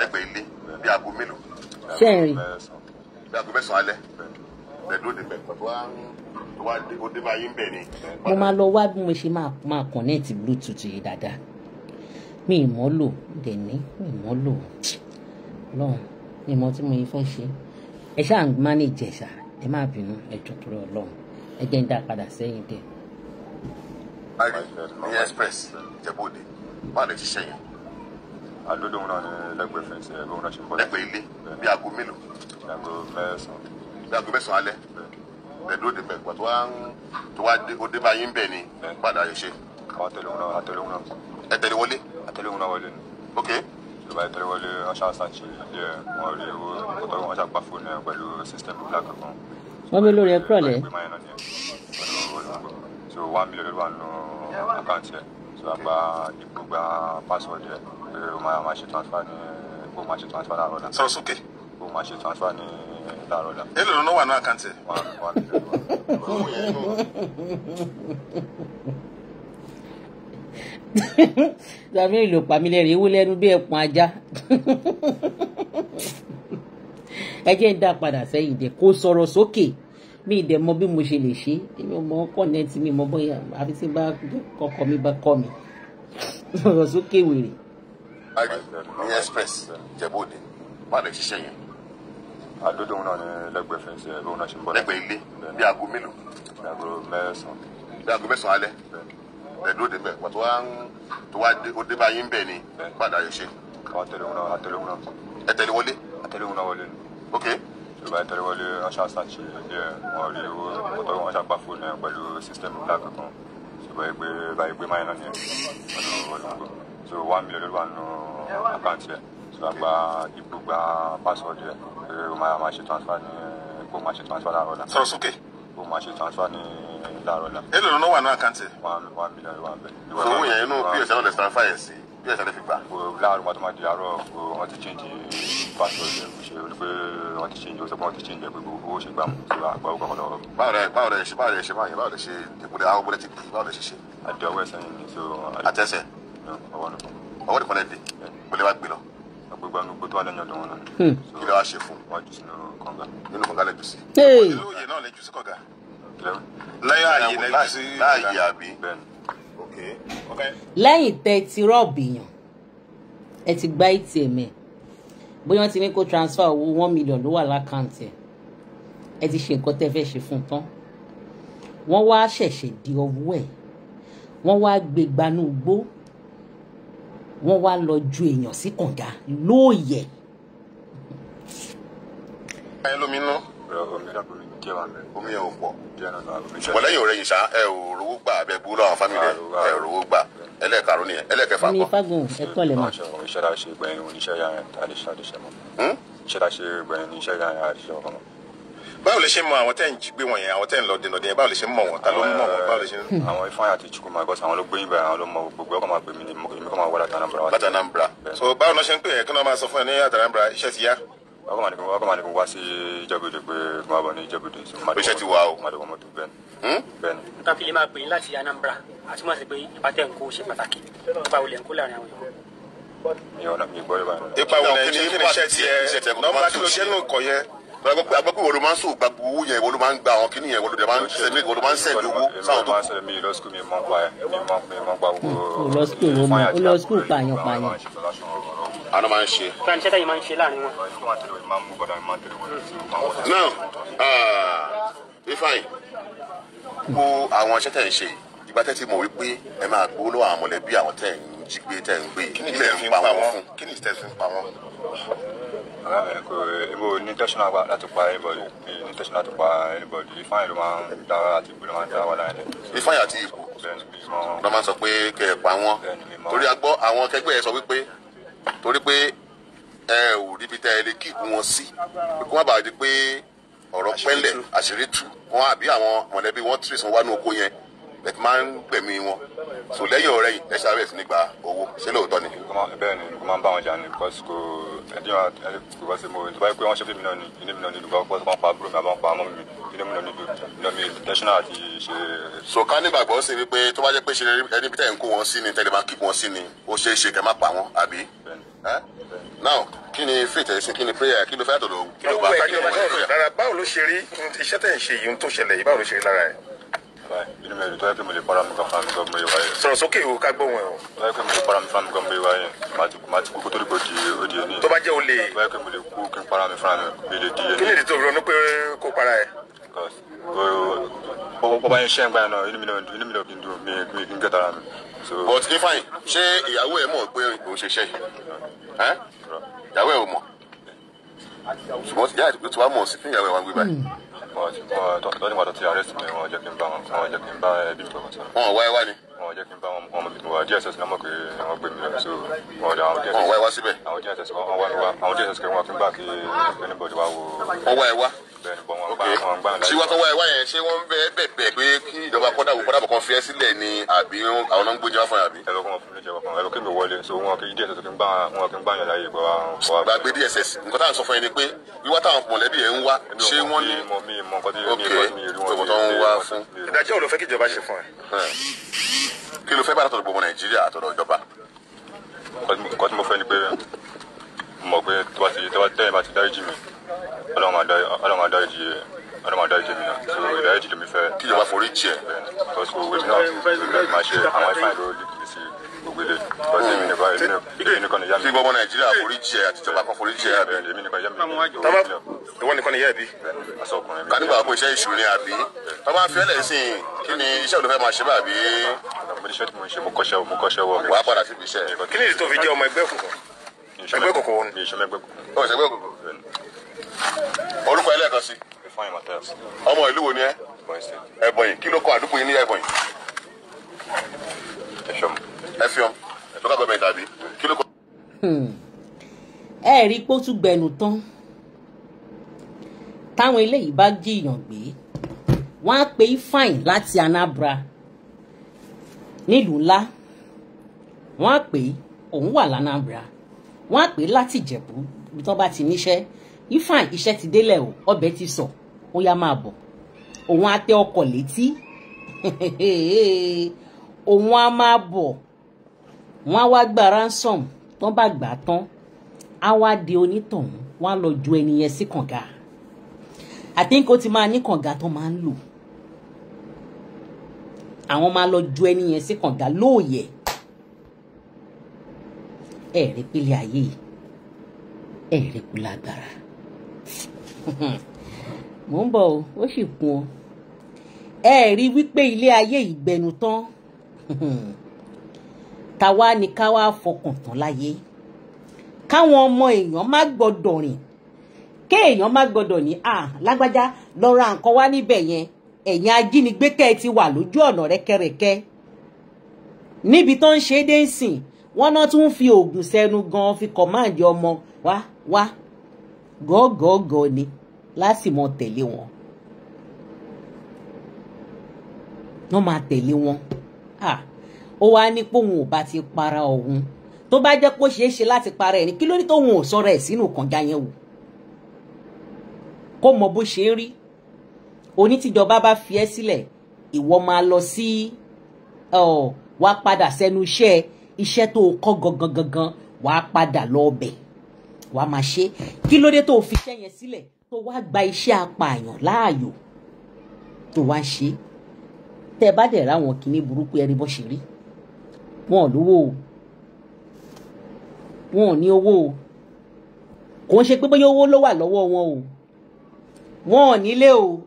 lẹ́gbẹ̀ẹ́ ilé bí aago mélòó. ṣé ń rí. bí aago mẹ́sàn-án alẹ́ lẹ́dúró dé bẹ̀ pẹ̀lú wa ó dé bá yín bẹ̀ ni. mo máa lọ wá bí mo ṣe máa connect bluetooth yìí dáadáa mi ì mọ́ lò dẹ̀ ní mi ì mọ́ lò lọ́hùn mi mọ tí mo yẹ fẹ́ ṣe ẹ ṣáà ń manage ẹ ṣáà ẹ má bínú ẹ jọ̀ọ́ torí Ọlọ́run ẹ jẹ́ ń dá padà sẹ́yìn díẹ̀ ari ní express jẹ́bọ̀dé wà lè ṣiṣẹ́ yẹn. àdúdò náà ni lẹ́gbẹ̀ẹ́ fẹ̀ǹsì ẹgbẹ́ òun náà ṣe ń bọ̀. lẹ́gbẹ̀ẹ́ ilé bí aago mélòó. bí aago mẹ́sàn-án. bí aago mẹ́sàn-án alẹ́ bẹ̀ẹ́dúró de bẹ̀ẹ́ pàtó wá ń tó wá dé òde bá yín bẹ̀ ni padà yóò ṣe. àwọn àtẹlẹ òun náà àtẹlẹ òun náà. ẹ tẹ̀lé wọlé. àtẹlẹ òun náà wọlé ni. ok. ìjọba ẹ tẹ̀lé wọlé ọṣà àṣàṣe ilé wọn rí owó kótó wọn ṣàpá fóònù pẹ̀lú sísítẹ́mù black kan. wọ́n mi lórí ẹ one million ló wà nù àkáǹtì ẹ̀ so àgbà ìbò gba password ẹ̀ pé o máa ṣe transfer ní o máa ṣe transfer láàárọ̀ náà. sọ̀rọ̀ sókè. o máa ṣe transfer ní láàárọ̀ náà. èlò no wà nù àkáǹtì ẹ̀. one million ló wà. dàbí ìlò pàmílẹ́rì ewu lẹ́nu bí ẹ̀pọ̀n ajá ẹ jẹ́ ń dá padà sẹ́yìn dẹ̀ kó sọ̀rọ̀ sókè. So mi dẹ̀ mọ bí mo ṣe lè ṣe èmi ò mọ kọ́nẹ́ẹ̀tì mi mọ bóyá àfi tí bá kọ́kọ́ mi bá kọ́ mi lọ sókè wèrè. ní express jẹ́bóde má lè ṣiṣẹ́ yẹn. àdódò náà ní lẹ́gbẹ̀ẹ́ fẹ́ǹsì ẹ̀ bí wọ́n ṣe ń bọ̀. lẹ́gbẹ̀ẹ́ ilé bí aago mélòó. bí aago mẹ́sàn-án. bí aago mẹ́sàn-án alẹ́ bẹ́ẹ̀ ló dé bẹ́ẹ̀ pàtó wá ń tó wá dé báyìí ń bẹ̀ ni padà yóò ṣe. àwọn àtẹlẹ́wọ̀n náà àtẹlẹ́wọ̀n náà. ẹ tẹ̀lé wọlé. àtẹlẹ́wọ̀n náà wọlé. ok tó bá tẹ́lẹ̀ wọlé ọṣà ṣàṣì lóde ẹ̀ wọ́n rí owó mọ́tò wọn ṣàgbà fóònù ẹ̀ pẹ̀lú system ńlá kankan tó bá yẹ pé bá yẹ pé máyì náà nìyẹn ọdún olóńgbò so one million ló wà nù àkáǹtì ẹ̀ so àgbà ibú gba password ẹ̀ pé o máa máa ṣe transfer ní kó máa ṣe transfer láàárọ̀ la. sọ̀rọ̀ sókè. kó máa ṣe transfer ní láàárọ̀ la. èlò ló wà nù àkáǹtì. one million ló wà bẹ́ẹ̀. owó yẹn inú pos ẹ̀ náà lè bí ẹ̀sẹ̀ lè fi gbà kò láàárọ̀ wọn tó máa di àárọ̀ kò wọ́n ti change password ẹ̀ kò ṣe o pé wọ́n ti change o sọ pé wọ́n ti change ẹ̀ pé owó ṣe gbà mú sí wa àgbà òkàkọ́ lọ́wọ́. báwo rẹ báwo rẹ ṣe báwo rẹ ṣe báwo báwo rẹ ṣe ìpínlẹ̀ àwọn bọ́lẹ̀ ti di báwo rẹ ṣe ṣe. àti ọwọ́ ẹ̀sẹ̀ yìí ni so. àtẹ̀sẹ̀ ọwọ́ nìkan ọwọ́ nìkan lẹ́ẹ̀dẹ̀ bọ́lẹ̀ wá gbé lọ gbogbo àwọn gbogbo tó wà lẹ́yìn ọdún wọn náà. Hmm. kí ló wá ṣe fún. wọ́n jù sínú kànga. nínú kànga lẹ jù sí. ìlú òye náà lẹ jù sí kànga. lẹ́yìn ààyè lẹ jù sí. láàyè àbí. bẹ́ẹ̀ni lẹ́yìn tẹ́ ẹ ti rọ́ọ̀bù yàn ẹ ti gba atm ẹ bóyá wọ́n ti ní kó transfer owó one million ló wà lákàǹtì ẹ ẹ ti ṣe nǹkan tẹ́ fẹ́ ṣe fún un tán wọ́n wá ṣẹ̀ṣẹ̀ di ọwọ́ ẹ̀ wọ́n wá gbé gbanú gbó wọ́n wá lọ ju èèyàn sí kànga lóòyẹ̀. ayélujára díẹ̀ wà bẹ́ẹ̀ omi yẹn ò pọ̀ díẹ̀ náà lọ́wọ́ mi. ṣùgbọ́n lẹ́yìn òrẹ́yìn ṣá ẹ ò rówó gbà abẹ bú lọ́wọ́ fámìlì ẹ ò rówó gbà ẹlẹ́ẹ̀karùn nìyẹn ẹlẹ́ẹ̀kẹfà kọ́. mi fagbọn ẹ kọ́ lẹ̀ mọ́. iṣẹ́ la ṣe gbẹ̀yìn oníṣẹ́ yá yẹn tá a lè ṣe àdéṣe mọ́. Hmm? iṣẹ́ la ṣe gbẹ̀yìn oníṣẹ́ yá yẹn àdéṣe ọkọ mọ́. báwo lè ṣe mọ àwọn tẹ́ ń jí gbé wọn yẹn àwọn tẹ́ ń lọ dènà dènà báwo lè ṣe mọ wọn ta ló ń mọ wọn báwo lè ṣe. àwọn ifeanyi àti chukuma gọ́sà àwọn ló gbé yín bẹ̀rẹ̀ àwọn ló mọ gbogbo ọkọ̀ máa pè mí ni èmi kọ́ máa wá látànàmbra. látànàmbra so báwo ló ṣe ń pè é kí wọ́n máa sọ fún ẹ ní látànàmbra iṣẹ́ ti yá wọ́n kàn máa ní kó wá sí ìjẹ́bùdè pé kó Ben. bọ̀ ní ìjẹ́bùdè. oṣù ti wà o. má dọ̀kọ̀ mọ́tò bẹ́ẹ̀ ni. Hmm? bẹ́ẹ̀ ni. n ta fi lè máa pè é láti Anambra àti wọ́n ti pé ipa tẹ̀ ń kó ṣe pàtàkì nípa olè ń kó láàrin àwọn èèyàn. ipa wo ni kí ni iṣẹ́ tiẹ̀ nọ́mbà kí ló jẹ́ nù kọ̀ yẹn agbẹ́pẹ́ wo ló máa ń sùn gbàgbọ́ owó yẹn wo ló máa ń gba àwọn kíní yẹn wo ló máa ń sẹ́ni wo ló máa ń sẹ́ni owó sáwọn tó. mi lọ sukùl mi mọ gba mi mọ gba owó. o lọ sukùl o lọ sukùl pààyàn pààyàn àná máa ń ṣe. kí ṣe tẹ́yìn máa ń ṣe láàrin wọn. now uh, ifeanyi kó àwọn iṣẹ́ tẹ̀ ń ṣe ìgbà tẹ́ ti mọ̀ wípé ẹ máa gbowó lọ́wọ́ àwọn mọ̀lẹ́bí àwọn tẹ̀ ń jí gbé tẹ̀ ń gbé ilẹ̀ ń pa wọ́n fún kí ni tẹ̀ ń pa wọ́n. Ebo ní tẹ̀sán láti pa anybody ní tẹ̀sán láti pa anybody ifeanyi ló máa ń dára àti ìgbò ló máa ń dára wà láàrin. Ifeanyi àti ìgbò ló máa sọ pé kẹ́ ẹ̀ pa wọ́n torí a àwọn akẹgbẹ́ ẹ sọ wípé torí pé ẹ ò ríbi tá ẹ lè kíkú wọn sí pé kó má di pé ọ̀rọ̀ pẹ́lẹ̀ àṣírí tú wọn àbí àwọn mọ̀lẹ́bí wọn tírì sàn wá oko yẹn bẹ̀tí máa ń gbẹ̀mí wọn so lẹ́yìn ọ̀rẹ́ yìí ẹ̀ṣẹ̀ abẹ́sí ní gba owó ṣé lóòótọ́ ni. bẹ́ẹ̀ ni lùkọ́ máa ń bá wọn jà ní because kò ẹ̀dín wa kò bá ṣe mo tó báyìí pé wọ́n ṣe fún mi náà ni inú mi náà ni lùkọ́ pọ́sọ́ pa àbúrò mi àbá pa àmọ́ mi inú mi náà ni inú mi tẹ́ṣánà àti ṣe. so ká ní gbàgbọ́ sí wípé tó bá jẹ́ pé ṣe ẹni bí tẹ̀ ń kó wọn sí ni tẹ́lẹ̀ máa kí wọn sí ni ó ṣeé ṣe kẹ́ má pa wọn àbí now kí ni faith ẹ̀sìn kí ni prayer kí ló fẹ́ àtọ̀dọ̀ kí ló bá kí ló bá ṣe rárá báwo ló ṣe rí iṣẹ́ tẹ̀ ń ṣe yìí ń tó ṣẹlẹ̀ yìí báwo ló ṣe rí lára ẹ̀. inú mi ò tó yẹ kí mo lè para mi kan fún mi gan mi wáyé. sọ̀rọ̀ sókè o ká gbóhùn ẹ̀ o. tó yẹ kí mo lè para mi fún mi gan mi wáyé màá ti kú kó tó dìbò di òdi òní. tó bá jẹ́ olè. tó yẹ kí mo lè kú kí n para mi fúnra mi lè di òní. kí ni ìdí tó ronú pé kó para ẹ̀ bọ́bá yẹn ṣẹ́ ń gbà náà inú mi náà inú mi náà kì í mi but ifeanyi ṣé ìyàwó ẹ mọ̀ pé òun ṣiṣẹ́ ẹ ìyàwó ẹ ò mọ̀ ṣùgbọ́n ìyá ìdìbò tí wàá mọ̀ sí fún ìyàwó ẹ wà ń gbé báyìí. lọ́nìí wàá tó ti arrest mi wọ́n jẹ́ kí n bá ẹbí mi gbọ́dọ̀ sọ. wọn ò wá ẹ wá ni wọn jẹ́ kí n bá wọn wọn wà DSS náà mọ̀ pé wọ́n gbé mi lọ so wọn dà àwọn DSS. wọn wá ẹ wá síbẹ̀. àwọn DSS wọn wá mi wá àwọn DSS kẹrin wọn kí n bá kí anybody wá wo. wọn wá ẹ wá. bẹ́ẹ̀ni bọ wọn gbà wọn gbà mí láyé. síwájú wá ẹ wá yẹn ṣé wọ́n bẹ bẹ̀bẹ̀ pé kí ìjọba kọ́dà wò kọ́dà bọ̀ kan fi ẹ́ sílẹ̀ ni àbí àwọn náà ń gbójú wá fún yàrá bí. ẹ lọ́kùn wọn fún mi jẹ́ ọkàn ẹ lọ́kùn mi wọlé so wọn kì í DSS kí n bá wọn kí n bá yàn láyé gbọ́ wa. gbàgbé DSS nǹkan táwọn sọ fún yẹn ni pé wíwá táwọn mọ̀lẹ́bí yẹn ń wá ṣé wọ́n ní. ok tó bọ̀ tó ń wá fún. ìdájọ́ òun ló fẹ́ kí ìjọba ṣe fún ẹ kí ló fẹ́ bá látọ̀dọ̀ gbogbo nàìjíríà àtọ̀dọ̀ ìjọba nǹkan tí mo fẹ́ ni pé mọ̀ pé tó bá ti tó bá tẹ́yìn bá ti dáríjì mi ọlọ́run máa dáríjì ọlọ́run máa dáríjì mi náà so ìdáríjì lèmi fẹ́ kí ìjọba forí jì ẹ̀ bẹ́ẹ̀ ni because òwe mi náà máa ṣe àwọn ìfàyè lórí sí i gbogbo ilé lọ́sẹ̀ mi nípa èmi nìkan nìyá mi. tí gbogbo nàìjíríà foríjì ẹ àti ìjọba kan foríjì orúkọ ẹlẹ́ẹ̀kan sí. ọmọ ìlú wo ni ẹ? Ẹ̀bọ̀nyì kí ló kọ àdúgbò yín ní Ẹ̀bọ̀nyì? ẹ̀ṣọ́ ẹ fi hàn ẹ̀dọ́gà gọ́ọ̀mẹ̀ntì àbí kí ló kọ́. Hmm. ẹ rí pé ó tún gbẹnu tán táwọn eléyìí bá jiyàn gbé wọ́n á pe ifeanyi láti Anambra nílùú ńlá wọ́n á pè òun wà lánàbra wọ́n á pè láti Ìjẹ̀bú bí tán bá ti níṣẹ́ ifeanyi iṣẹ́ ti délẹ̀ o ọbẹ̀ ti sọ ó yá máa bọ̀ òun á tẹ ọkọ̀ létí *laughs* òun á máa bọ̀ wọ́n á wá gba ransom tán bá gbà tán á wá di onítọ̀hún wọ́n á lọ ju ẹni yẹn sí kànga àtẹ́ńkò ti máa ní kànga tó máa ń lò àwọn máa lọ ju ẹni yẹn sí kànga lóòyẹ̀ ẹ̀rí pélé ayé ẹ̀rí kú lágbára mò ń bọ̀ o ó sì kún ọ ẹ rí wípé ilé ayé ìgbẹnu tán tàwa ni ká wá fọkàn tán láyé káwọn ọmọ èèyàn má gbọ́dọ̀ rìn kéèyàn má gbọ́dọ̀ ní à lágbájá lọ ra nǹkan wá níbẹ̀ yẹn ẹ̀yin ajínigbé kẹ́ ẹ ti wà lójú ọ̀nà rẹ́kẹrẹ́kẹ́ níbi tó ń ṣe é dé ń sìn wọ́n náà tún fi oògùn sẹ́nu gan fi kọ̀máǹdì ọmọ wá wá gọ́gọ́gọ́ ni láti mọ tẹ̀lé wọn wọ́n máa tẹ̀lé wọn ah ó wá ní póun ò bá ti para òun tó bá jẹ́ pé ó ṣeé ṣe láti para ẹ̀ ní kí ló ní tóun ò sọ̀rọ̀ ẹ̀ sínú kànga yẹn wò kó mọ bó ṣe rí onítìjọba bá fi ẹ́ sílẹ̀ ìwọ máa lọ sí wàá padà sẹ́nu iṣẹ́ iṣẹ́ tó kọ́ gangan gangan wàá padà lọ wàá máa ṣe kí ló dé tó fi iṣẹ́ yẹn sílẹ̀ tó wá gba iṣẹ́ apààyàn láàyò tó wá ṣe tẹ́ bá dẹ̀ ráwọn kìíní burúkú ẹni bọ́ ṣe rí wọn ò lówó wọn ò ní owó kò ń ṣe pé bóyá owó ló wà lọ́wọ́ wọn o wọn ò nílé o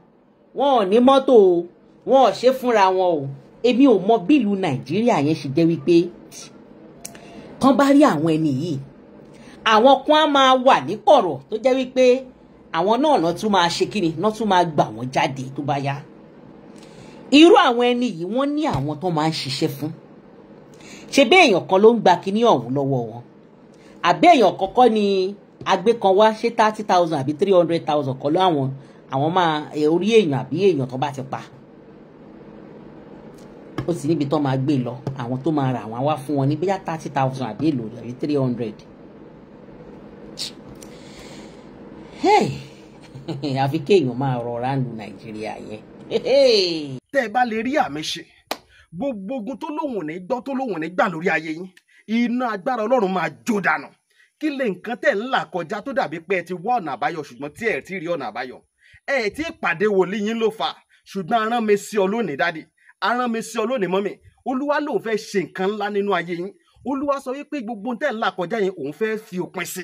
wọn ò ní mọ́tò o wọn ò ṣe fúnra wọn o èmi ò mọ bí ìlú nàìjíríà yẹn ṣe jẹ́ wípé kán bá rí àwọn ẹni yìí àwọn kan á máa wà ní kọ̀rọ̀ tó jẹ́ wípé àwọn náà náà tún máa ṣe kíni náà tún máa gbà wọ́n jáde tó bá yá irú àwọn ẹni yìí wọ́n ní àwọn tó máa ń ṣiṣẹ́ fún ṣe bí èèyàn kan ló ń gba kinní ọ̀hún lọ́wọ́ wọn àbí èèyàn kọ́kọ́ ni agbé kan wá ṣé thirty thousand àbí three hundred thousand kọ́ láwọn àwọn máa eh, orí èèyàn àbí èèyàn tó bá ti pa ó sì níbi tó máa gbé lọ àwọn tó máa ra àwọn wá fún wọn ní bóyá thirty thousand àbí èlò àbí three hundred *laughs* àfi kéèyàn máa rọra lu nàìjíríà yẹn. tẹ́ ẹ bá lè rí àmì ṣe gbogbo ogun tó lóun ò ní gbọ́ tó lóun ò ní gbà lórí ayé yín iná agbára ọlọ́run máa jó dànù kí lè nǹkan tẹ̀ ń là kọjá tó dàbí pé ẹ ti wá ọ̀nà àbáyọ ṣùgbọ́n tí ẹ ti rí ọ̀nà àbáyọ ẹ ti pàdé wòlíì yín ló fà ṣùgbọ́n arán mi sí ọ lónìí dádì arán mi sí ọ lónìí mọ́mì olúwa lòun fẹ́ ṣe nǹkan ńlá nínú ayé yín olúwa sọ wípé gbogbo tẹ̀ ń kọjá yẹn òun fẹ́ fi òpin sí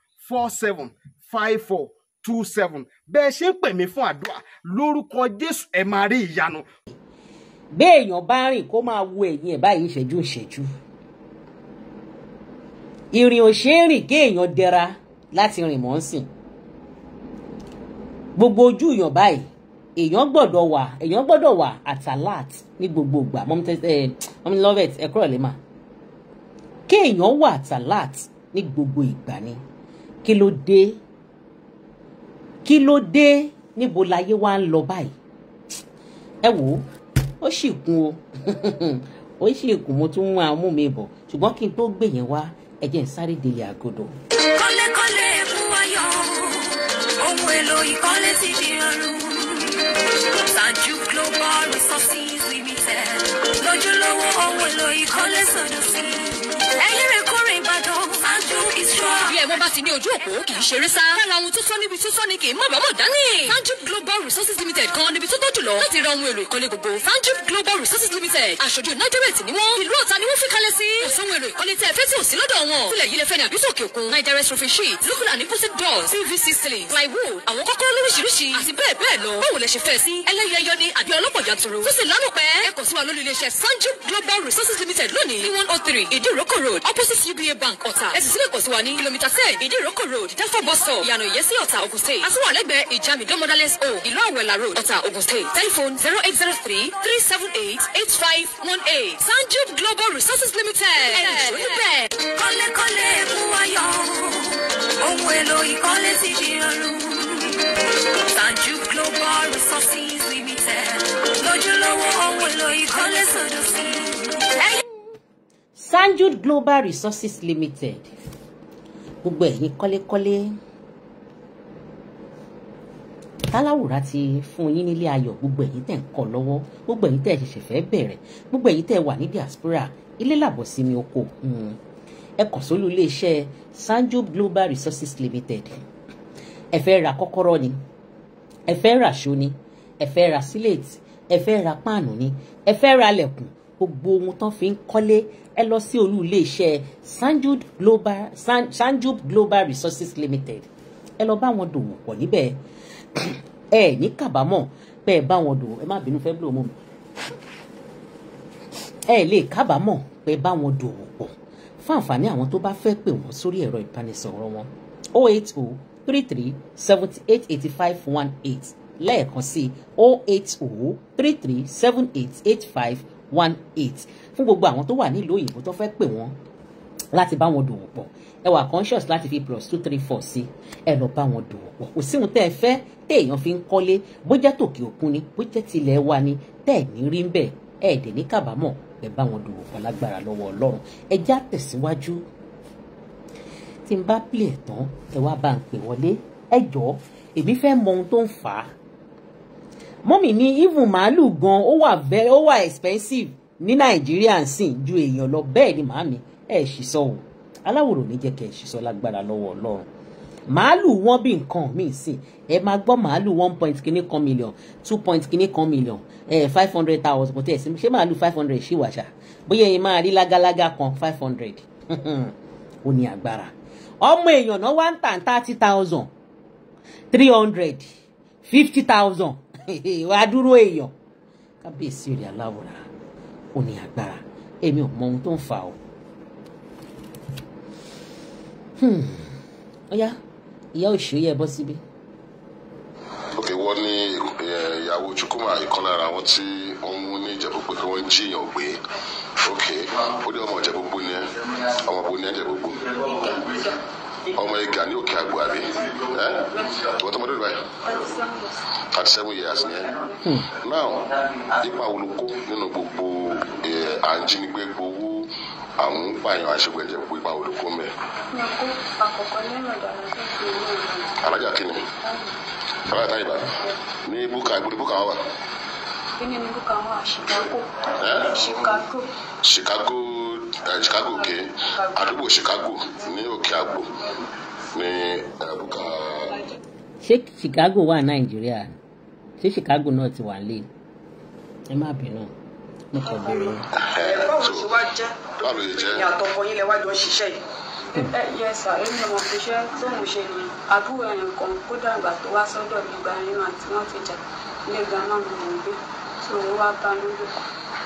four seven five four two seven bẹ́ẹ̀ ṣe ń pè mí fún àdúrà lórúkọ Jésù ẹ̀ máa rí ìyanu. béèyàn bá rìn kó máa wo ẹ̀yìn ẹ̀ báyìí ìṣẹ́jú ìṣẹ́jú ìrìn òṣèrìn kéèyàn dẹra láti rìn mọ́ ń sìn gbogbo ojú èèyàn báyìí èèyàn gbọ́dọ̀ wà èèyàn gbọ́dọ̀ wà àtàláàt ní gbogbo ìgbà mọ́mí lọ́vẹ̀t ẹ̀kọ́ rẹ̀ lè mà kéèyàn wà àtàláàt ní gbogbo ìgbà ni kí ló dé kí ló dé níbo láyé wa ń lọ báyìí ẹ wò ó ó sì kún o *laughs* ó sì kún mo tún máa mú mi bọ̀ ṣùgbọ́n kí n tó gbè yẹn wá ẹ jẹ́ n sáré délé àgọ́dọ̀. kọ́lékọ́lé mú ayọ̀ ohun èlò ìkọ́lé ti di ọrùn Saju Global Resources Limited lójúlówó ohun èlò ìkọ́lé sọ̀dọ̀ sí ẹ̀yìn rẹ̀ Sanju is strong. bí ẹ̀wọ́n bá ti ní ojú òpó kì í ṣeré sá. lára ohun tó sọ níbi tó sọ ni kì í mọ̀ bámọ̀ dání. Sanju Global Resources Limited kan níbi tó tọ́jú lọ láti ra ohun èlò ìkọ́lé gbogbo. Sanju Global Resources Limited aṣojú Nigeria ti ní wọ́n. ìlú ọ̀tá ni wọ́n fi kalẹ̀ sí. ọ̀sán ohun èlò ìkọ́lé tẹ́ fẹ́ tí ò sí lọ́dọ̀ wọn. kúlẹ̀ yìí lè fẹ́ ní àbí sókè òkun. Nigeria retrofit sheet local and imported doors PVC ceiling plywood àwọn kọ́kọ́rọ́ lóríṣiríṣi àti bẹ́ẹ̀ bẹ́ẹ̀ lọ. báwo lẹ ṣe fẹ́ sí. ẹlẹ́yẹyọ ni àbí ọlọ́pọ̀ yanturu. tó sì lánàá pẹ́. ẹ kàn sí wa lórí Sanju Global Resources Limited lónìí one oh three ìdíròkò road opposite UBA gba nǹkan ta ẹ̀sùn sílẹ̀ kọ̀ sí wa ní kìlómítà ten ìdí ìrókò road dafo bus stop ìyànà ìyẹ́sí ọ̀tà Ògùn state àtúwà ìjàmì dọ́mọdálẹ́s o ìlú àwẹ̀là road ọ̀tà Ògùn state telephone zero eight zero three three seven eight eight five one eight sanjib global resources limited ẹ̀ẹ́dẹ̀ẹ́dẹ̀ níbẹ̀. kọ́lékọ́lé mú wáyọ̀ ohun èlò ìkọ́lé ti di ọrùn sanjib global resources limited lójúlówó ohun èlò ìkọ́lé sọ̀dọ̀ sí Danjud Global Resources Limited gbogbo ẹ̀yin kọ́lékọ́lé tálàwùrá ti fún yín nílé ayọ̀ gbogbo ẹ̀yin tẹ̀ ń kọ́ lọ́wọ́ gbogbo ẹ̀yin tẹ̀ ṣẹ̀ṣẹ̀ fẹ́ bẹ̀rẹ̀ gbogbo ẹ̀yin tẹ̀ wà ní diaspora ilé làbọ̀ sí mi oko hmm. ẹ kàn sólú iléeṣẹ́ Danjud Global Resources Limited ẹ ra kọ́kọ́rọ́ ni ẹ ra aṣọ ni ẹ ra sílẹ̀tì ẹ ra páànù ni ẹ ra lẹ̀kùn gbogbo ohun tán fi ń kọ́lé ẹ lọ sí olú iléeṣẹ́ sanjub global San, sanjub global resources limited ẹ lọ bá wọn dòwò pọ̀ níbẹ̀ ẹ ní kábàámọ̀ bẹ́ẹ̀ bá wọn dòwò ẹ má bínú fẹ́ bí òun mọ̀ ẹ lè kábàámọ̀ bẹ́ẹ̀ bá wọn dòwò pọ̀ fún àǹfààní àwọn tó bá fẹ́ pè wọ́n sórí ẹ̀rọ ìbánisọ̀rọ̀ wọn 080 eight 78 85 18 lẹ́ẹ̀kan sí 080 33 78 85 18 fún gbogbo àwọn tó wà nílùú òyìnbó tó fẹ́ pè wọ́n láti bá wọn dòwò pọ̀ ẹ wà conscious láti fi plus two three four sí ẹ lọ bá wọn dòwò pọ̀ kò síhun tẹ́ ẹ fẹ́ tẹ́ èèyàn fi ń kọ́lé bó jẹ́ tòkè òkun ni bó jẹ́ tilẹ̀ wa ni tẹ́ ẹ̀ ní rí ń bẹ̀ ẹ̀ dẹ̀ ní kábàámọ̀ ẹ bá wọn dòwò pọ̀ lágbára lọ́wọ́ ọlọ́run ẹ já tẹ̀síwájú tí n bá plẹ̀ tán ẹ wá bá ń pè wọlé ẹ jọ èmi fẹ́ mọ ohun tó ń fà á mọ́mì ní even màálù gan ó wà expensive ní nàìjíríà ń sìn ju èèyàn lọ bẹ́ẹ̀ ni màámi ẹ̀ ṣì sọ o aláwòrán ní jẹ́ kẹ́ ẹ̀ ṣì sọ lágbára lọ́wọ́ ọlọ́run màálù wọn bí nǹkan míì sìn ẹ máa gbọ́ màálù one point kìíní kan million two point kìíní kan million five hundred thousand kò tẹ̀ sí ṣé màálù five hundred ṣì wà ṣá bóyá ẹ̀yin máa rí lágalága kan five hundred *laughs* ó ní agbára ọmọ èèyàn náà wá ń tà thirty thousand three hundred fifty thousand *laughs* wàá dúró èèyàn kábíyèsí rẹ̀ aláwòrán ó ní agbára èmi ò mọ ohun tó ń fà o. ọ̀yá hmm. ìyá òṣèré yẹ bọ́ síbí. òkè wọ́n ní ìyàwó Chukwuma ìkan lára àwọn tí wọ́n mú ní ìjẹ́pọ̀pọ̀ pé wọ́n jíyàn gbé òkè ó dé ọmọ ìjẹ́pọ̀pọ̀ ni ọmọ ìbò ni ẹ jẹ́pọ̀pọ̀ ọmọ yẹn ga ní òkè àgbò àbí ẹ wọ́n tọmọdé rẹ báyìí thirty seven years ni ẹ hmm. now ipa wo ló kó nínú gbogbo à ń jínigbé gbowó àwọn pààyàn àṣegbẹ̀jẹ̀ gbogbo ipa wo ló kó mẹ́. alájà kìíní alájà táyì bá ní búkà ìbúdí búkà wà. kí ni búkà wà Chicago. Chicago. Eh, Chicago òkè àdúgbò Chicago ní òkè àgbò ní eh, bùkà. ṣé Chicago wà Nàìjíríà ṣé Chicago náà ti wà lé ẹ má bínú mo kàn bèrè. Eh, báwo ṣe wá jẹ́ ìyá àtọkọ yín lẹ ṣiṣẹ́ yìí hmm. yes sir èmi ọmọ òṣìṣẹ́ tó ń ṣe ni àbúrò ẹ̀yìn kan kódà ìgbà tó wá sọ́dọ̀ mi ẹ̀yìn àti wọ́n ti jà ilé náà mi ń gbé so wá bá mi lò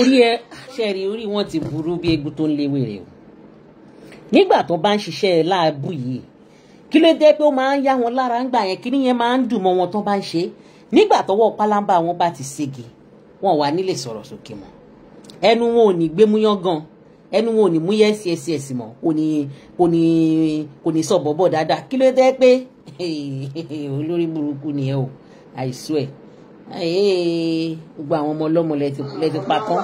orí ẹ ṣẹ́ẹ̀rì orí wọn ti burú bí egun tó ń léwé rẹ̀ o nígbà tó bá ń ṣiṣẹ́ láàbù yìí kí ló dé pé ó máa ń yá wọn lára ń gbà yẹn kí nìyẹn máa ń dùn mọ́ wọn tó bá ń ṣe nígbà tọwọ́ pálábá wọn bá ti ségi wọn wà nílé sọ̀rọ̀ sókè mọ́ ẹnu wọn ò ní gbé múyán gan ẹnu wọn ò ní múyẹ́ ẹsì ẹsì ẹsì mọ́ kò ní kò ní kò ní sọ dáadáa kí ló dé pé *laughs* olórí burúkú nìyẹn o I swear gbogbo àwọn ọmọ ọlọ́mọ lẹ ti pa tán.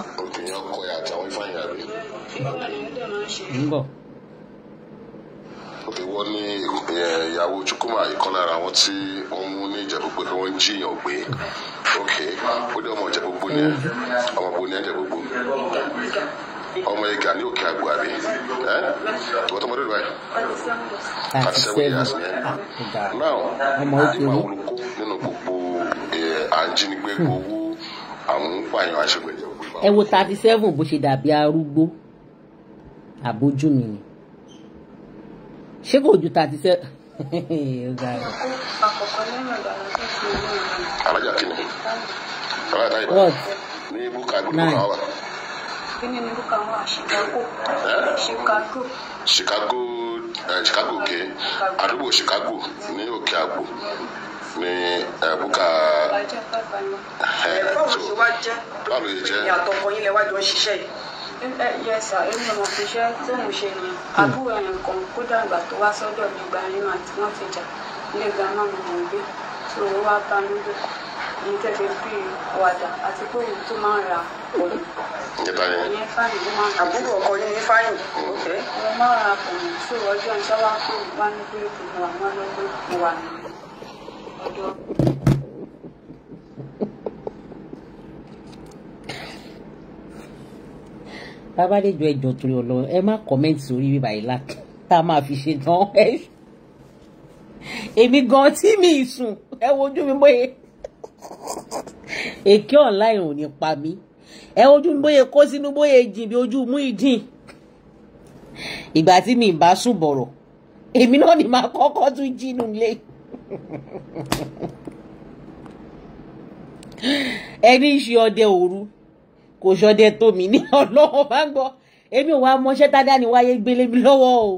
ní ìyàwó chukwuma ìkan lára àwọn tí wọn mú ní ìjẹ̀bú pé wọ́n ń jiyàn gbé ok ó ọmọ ìjẹ̀bú gbó ọmọ gbó ni ẹ̀ ọmọ ìgà ní òkè àgbò àbí ẹ ìwọ tó lórí báyìí thirty seven years ah, now àdìmọ̀ àwọn olùkọ́ nínú gbogbo à ń jínigbé gbowó àwọn ń pààyàn àṣegbèjọ. ẹ wo thirty seven bó ṣe dàbí arúgbó àbójú mi ni ṣé kò ju thirty seven. *laughs* alájà kìíní alájà táyì bá ní búkà gbọdọ wà. kìíní ni búkà wà Chicago. Chicago. Chicago Chicago òkè àdúgbò Chicago ní òkè àgbò ní eh, búkà. Eh, báwo ló ṣe wá jẹ́ báwo ló ṣe jẹ́ ìyàtọ̀ fún yín lẹ́wájú ń ṣiṣẹ́ yìí yẹ sà èmi ò fi iṣẹ́ tó ń ṣe ni àbúrò ẹ̀yìn kan kó dàgbà tó wá sọ́dọ̀ mi gba nínú àti wọ́n ti jà ilé gàmá mi mò ń gbé tó o wá bá mi gbé ní tẹ̀lé bí wàdà àti pé òun tó máa ń ra pọ̀lì. ìyẹn fáyìn ló máa ń ra àbúrò ọkọ ní ní fáyìn. mo máa ra pọ̀lì tó ọjọ́ ìṣọ́wá kúrò wá ní pé ìgbìmọ̀ àwọn ọlọ́gbẹ́ wà nínú ọ̀dọ̀. babadejo ẹjọ torí ọlọ ẹ má kọmẹǹtì sórí bíbá yìí lákì tá a máa fi ṣe tán ẹ *laughs* èmi gan tí mi sùn ẹ wojú mi bóyá èké online ò ní pa mí ẹ wojú mi bóyá kó sínú bóyá jìn bí ojú mú ìjìn ìgbà tí mi bá sùn bọ̀rọ̀ èmi náà ni màá kọ́kọ́ tún jí nulẹ̀ ẹni ṣe ọdẹ òru kò ṣọdẹ tó mi ní ọlọ́wọ́ bá ń gbọ́ èmi ò wá mọṣẹ́ tá dáni wáyé gbélé mi lọ́wọ́ o.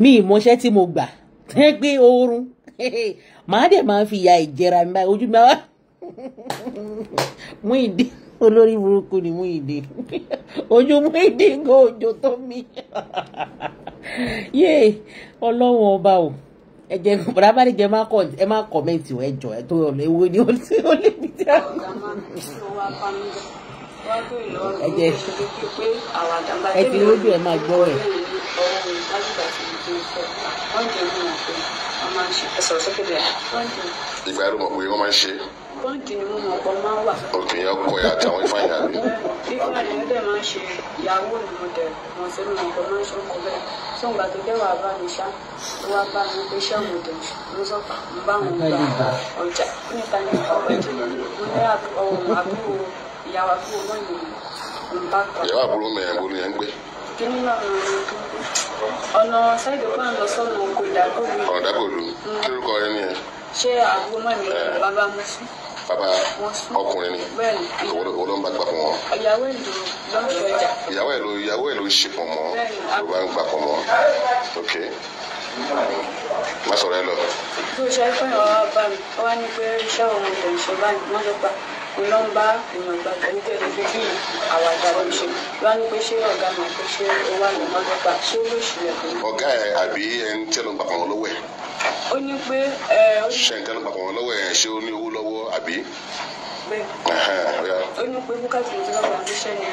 mi ìmọṣẹ́ tí mo gbà tẹ́ pé oorun *laughs* màá dẹ̀ máa fi ya ìjẹra mi báyìí ojú mi wá *laughs* mú ìdí olórí burúkú ni Muyideen *laughs* ojú Muyideen gan ojú tó mi *laughs* yé ọlọ́wọ́n ọba o ẹ jẹ bàbá bá ní jẹ má kọ ẹ má kọmẹǹtì ẹ jọ ẹ tó ọlọ ewu ni ó lè fi *laughs* tí a. ẹ jẹ ẹ ti lójú ẹ máa gbọ́ ẹ. ìgbà ló mọ̀ pé wọ́n máa ń ṣe é pọ́ǹtì ni mo mọ̀ pọ̀ máa wà. òkè yẹn kọ ẹ àti àwọn ifeanyi àbí. ifeanyi ó dẹ̀ máa ń ṣe ìyàwó ni mo dẹ̀ mọ̀ sí mi nǹkan máa ń ṣe ọkọ bẹ́ẹ̀ tó ń gbà tó dẹ̀ wàá bá mi ṣá tó wàá bá mi pé ṣé mo dẹ̀ mo sọ mo bá wọn gba ọjà níta ní ọ̀pẹ̀jẹ̀ mo ní àbúrò ìyàwó àbúrò mọ́ ìgbìmọ̀ ìyàwó àbúrò mẹ́rin bó ni ẹ ń gbé kínní náà ló ń tó ọ̀nà ṣáìdì kan lọ sọ́nà òkò ìdágbòlù. ọ̀dàgbòlù kí ló kọ ẹ ní ẹ. ṣé àbúrò mọ́ mi bàbá mú sí bàbá ọkùnrin ni wọ́n ló ń bá gbà pọ̀ mọ́. ìyàwó ẹ̀ ló ń ṣọjà. ìyàwó ẹ̀ ló ìyàwó ẹ̀ ló ń ṣe pọ̀ mọ́ ló bá ń gbà pọ̀ mọ́ ok má sọ̀rọ̀ ẹ lọ. bí o ṣe fún ìwà bá mi wá ní pé iṣẹ́ òun ò tẹ̀lé ṣe báyìí wọ́n ló pa òun ló ń bá èèyàn gbà pẹ̀lú tẹ̀lé fi bí àwàdà ló ṣe wá ní pé ṣé ọ̀gá mi pé ṣé owó àná mọ́ ló pa ṣé ó lè ṣe ẹ̀kọ́. ọ̀gá ẹ̀ àbí ẹni tẹ́lọ̀ gbàpamọ́ lọ́wọ́ ẹ̀ ó ní pé. ṣe nǹkan nípa kàn lọ́wọ́ ẹ̀ ṣé ó ní owó lọ́wọ́ àbí. bẹ́ẹ̀ ó ní pé bùkátà tí wọ́n bá fi ṣẹ́ ni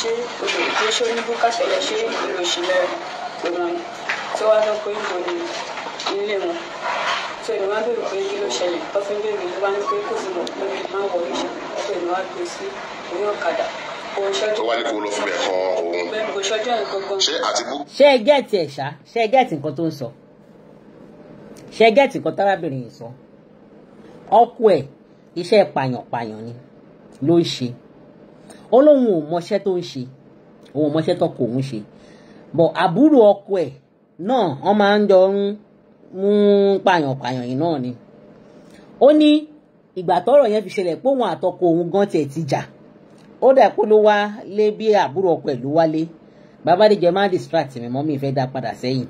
ṣé olùkọ́ ṣé ó ní bùkátà yẹn ṣé ìlú ìṣẹ̀lẹ̀ òun tí wọ́n á sọ pé ìbò ni ilé wọn tó ìlú wa bèrè pé kí ló ṣẹlẹ̀ tó fi bèrè ló bá ní pé kò sí mọ̀ lórí máa wọ ìṣẹ̀ tó ìlú wa gbé sí orí ọ̀kadà tó wá ní kó lọ fún mi ẹ̀kọ́ òun. ṣé àti bú. ṣé ẹ gẹ́ẹ̀tì ẹ̀ ṣá ṣé ẹ gẹ́ẹ̀tì nǹkan tó ń sọ ṣe gẹ́ẹ̀tì kan tábàbìnrin yìí sọ ọkọ ẹ̀ iṣẹ́ pàyànpàyàn ni ló ń ṣe ó lóun ò mọṣẹ́ tó ń ṣe òun ò mọṣẹ́ tó kò ń ṣe bọ̀ àbúrò ọkọ ẹ̀ náà wọ́n máa ń jọ ń mú pàyànpàyàn yìí náà ni ó ní ìgbà tọ́rọ̀ yẹn fi ṣẹlẹ̀ pé òun àtọkọ òun gan tiẹ̀ ti jà ó dà pé ló wá lé bí àbúrò ọkọ ẹ̀ ló wálé Babadéjọ má distract mi mọ́ mi fẹ́ dá padà sẹ́yìn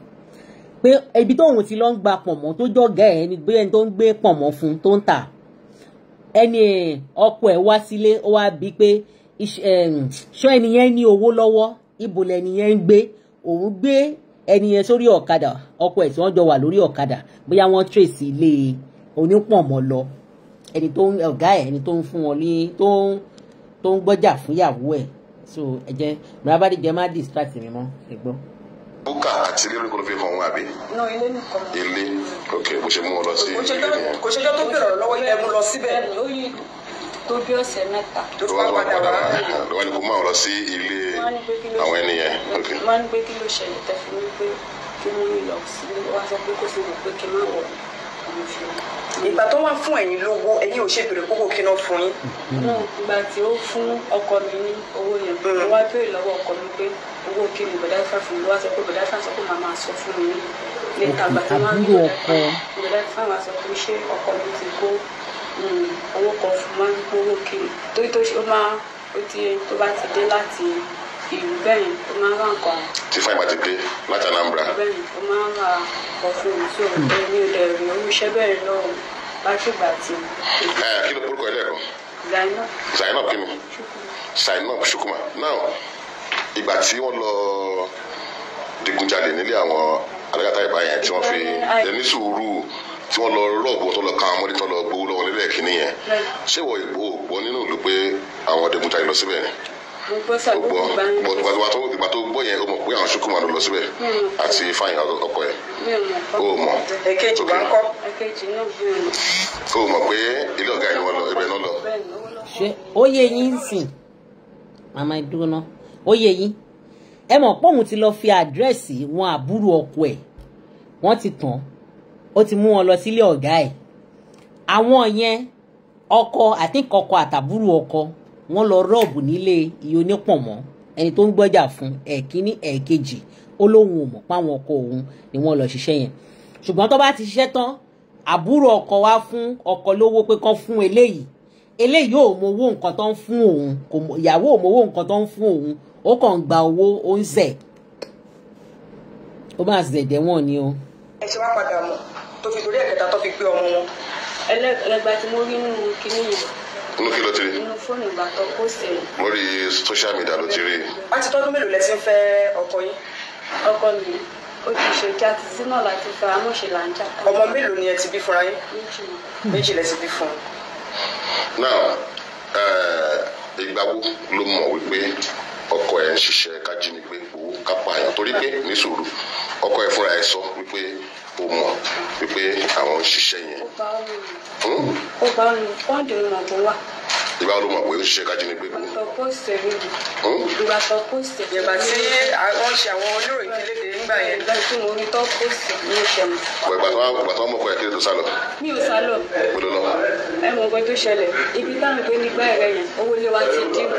pé ibi tóun ti lọ ń gba pọ̀nmọ́ tó jọ̀gá ẹ̀ ni bí ẹni tó ń gbé pọ̀nmọ́ fún tó ń tà ẹni ọkọ ẹ̀ wá sílé ó wá bí pé ṣọ́ ẹni yẹn ní owó lọ́wọ́ ibo lẹni yẹn ń gbé òun gbé ẹni yẹn sórí ọ̀kadà ọkọ ẹ̀ tí wọ́n jọ wà lórí ọ̀kadà bóyá wọ́n tírèsì ilé onípọ̀nmọ́ lọ ẹni tó ń ọ̀gá ẹ̀ ẹni tó ń fún wọn ní tó ń tó ń gbọ́jà fúnyàwó so ẹ jẹ́ mìíràn bá dìjẹ́ má distract mi mọ́ ẹ gbọ́ buka àti ilé olóko ló fi hàn wọn àbí. nà ilé nìkan. ilé ok bó ṣe mú wọn lọ sí ilé nìyẹn. kò ṣẹjọ́ tó bẹ̀rẹ̀ lọ́wọ́ ilé ẹmu lọ síbẹ̀. ó yí tó bí ọ̀sẹ̀ mẹ́ta. tó wá padà wá ló wá ní kó máa lọ sí ilé àwọn ènìyàn. wọ́n ní pé kí ló ṣẹlẹ̀ tẹ̀ fún mi pé kí wọ́n lọ sí ilé wọ́n á sọ pé kó sì mọ̀ pé kí n má wọ̀ ìgbà tó wà fún ẹ̀yin lówó ẹ̀yin ò ṣe bèrè kókó kí náà fún yín. ìgbà tí ó fún ọkọ mi ní owó yẹn mm. mo wá béèrè lọ́wọ́ ọkọ mi pé owó kí ni bọ̀dá ìfà fún mi wá sọ pé bọ̀dá ìfà sọ pé màmá sọ fún mi níta ìgbà tó wà ní bọ̀dá ìfà máa sọ pé ṣé ọkọ mi ti kó mm, owó kan fún mi owó kí ni torí tó ṣe ó máa ó ti tó bá ti dé láti ìlú bẹ́ẹ̀ o máa ń rà nǹkan. tí fún ìbá ti dé láti Anambra. bẹ́ẹ̀ o máa ń ra ọkọ̀ fún mi tó èmi ò dẹ̀ rí owó iṣẹ́ bẹ́ẹ̀ lọ́wọ́ látìgbà tí. ẹ kí ló porúkọ ẹ lẹ́kọ̀ọ́. Zainab. Zainab kí ni Zainab Shukuma now ìgbà tí wọ́n lọ digunjalè nílé àwọn alágàtà ìbá yẹn tí wọ́n fi ẹni sùúrù tí wọ́n lọ rọ́ọ̀bù tó lọ ka àwọn ọmọdé tó lọ gbowó lọ́wọ́ nílẹ̀ kìíní yẹn ṣé wọ́n ìgbò gbọ́ nínú ìlú pé àwọn digunjalè lọ síbẹ̀ yẹn gbọ́ but ìgbà tó ìgbà tó gbọ́ yẹn o mọ̀ pé àwọn ṣukú máa lọ síbẹ̀ àti fáyìn ọkọ ẹ̀ o mọ̀ èkejì wá kọ́ o mọ̀ pé ilé ọ̀gá ẹni wọn lọ ibẹ̀ náà lọ. ṣé ó yẹ yín ń sìn màmá ìdúró náà ó yẹ yín ẹ mọ̀ pọ́ùn ti lọ fi àdírẹ́sì wọn àbúrò ọkọ ẹ̀ wọ́n ti tàn ó ti mú wọn lọ sílé ọ̀gá ẹ̀ àwọn yẹn ọkọ àtìkọkọ àtàbúrò ọkọ wọ́n lọ rọ́ọ̀bù nílé iye onípọ̀nmọ́ ẹni tó ń gbọ́jà fún ẹ̀kíní ẹ̀kejì ó lóun ò mọ̀ páwọn ọkọ òun ni wọ́n lọ ṣiṣẹ́ yẹn ṣùgbọ́n tó bá ti ṣiṣẹ́ tán àbúrò ọkọ wá fún ọkọ lówó pé kán fún eléyìí eléyìí ò mọ owó nǹkan tó ń fún òun ìyàwó ò mọ owó nǹkan tó ń fún òun ó kàn gba owó ó ń zẹ̀ ó máa zẹ̀dẹ̀ wọ̀n ni o. ẹ ṣe wá padà mọ tó fi torí ẹ̀kẹta tó fi gbé ọmọ wọn. ẹlẹgbàá tí mo rí nínú kinní yìí inú kí ló ti rí. inú fóònù ìgbà tó pósìtì rẹ. lórí social media ló ti rí. wọ́n ti tọ́dún mélòó lẹ ti ń fẹ́ ọkọ yín. ọkọ mi ó kí a ti sí náà láti fẹ́ amóṣe là ń jà. ọmọ mélòó ni ẹ ti bí fúnra yín. méjì lẹ ti bí fún un. now eh, ìgbà wo ló mọ̀ wípé ọkọ ẹ̀ ń ṣiṣẹ́ kájínigbé owó kápá àyàn torí pé ní sùúrù ọkọ ẹ̀ fúnra ẹ̀ sọ wípé ó mọ̀ wípé àwọn ń ṣiṣẹ́ yẹn. ó bá ń lo fọ́ọ̀dù ìmọ̀ tó wà. ìgbà wo ló mọ̀ pé ó ṣiṣẹ́ kájínigbé. ìgbà tó pòsè rí i. ìgbà tó pòsè. ìgbà tí wọ́n ṣe àwọn olóòrè ìdílé nígbà yẹn. ìgbà tí mo rí tó pòsè ní ìṣẹ̀mù. ìgbà tí wọ́n ìgbà tí wọ́n mọ̀ pé ẹ kéde tó sálọ. mi ò sálọ. mo ló lọ. ẹ mọ̀ pé tó ṣẹlẹ̀ ibi táwọn tó nígbà ẹ̀rẹ́ yẹn owó lé wa ti dín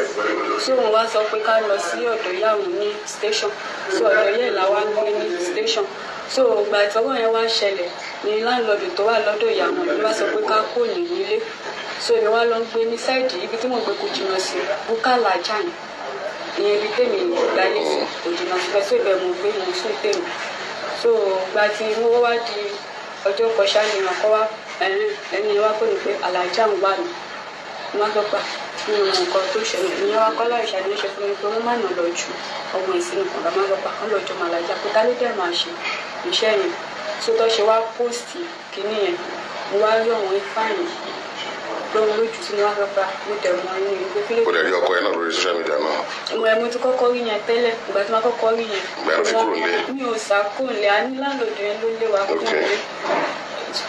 so wọn wá sọ pé ká lọ sí ọ̀dọ̀ yàwó ní station so ọ̀dọ̀ yẹn làwa gbé ní station so gba ìfọwọ́ yẹn wá ṣẹlẹ̀ ni láńlọ́ọ̀dù tó wà lọ́dọ̀ ìyàwó mi wá sọ pé ká kó nìyí so èmi wá lọ ń gbé ní sáìdì ibi tí mò ń gbé kò jìnnà sí bukala jan ìyẹn ibi tèmi láyé sí kò jìnnà so mo gbé mo sún tèmi so gba ti mo wá di pé alájà ń wà má gbọ́ pa nínú nǹkan tó ṣẹlẹ̀ ìyẹn wa kọ́lá ìṣàlẹ̀ ló ṣe fún mi pé wọ́n má nà lọ ju ọgbọ̀n ìsinmi kan má gbọ́ pa wọ́n lọ jọ màlájà pé tálẹ́ dẹ̀ máa ṣe iṣẹ́ yẹn tó tọ́ ṣe wá póòsì kínní yẹn mo wá rí ọ̀wọ́n ifáàyàn lọ́wọ́ lójú tí wọ́n fẹ́ pa mo tẹ̀ wọ́n ní ìlú pílẹ̀. o lè rí ọkọ yẹn náà lórí social media náà. ìwọ ẹ̀ mo ti kọ́kọ́ rí yẹn tẹ́lẹ̀ ìgbà tí wọ́n kọ́kọ́ rí yẹn. ìgbà tí kúrò lé. mi ò sá kúrò lé a ní láńlòdì yẹn ló lé wa kúrò lé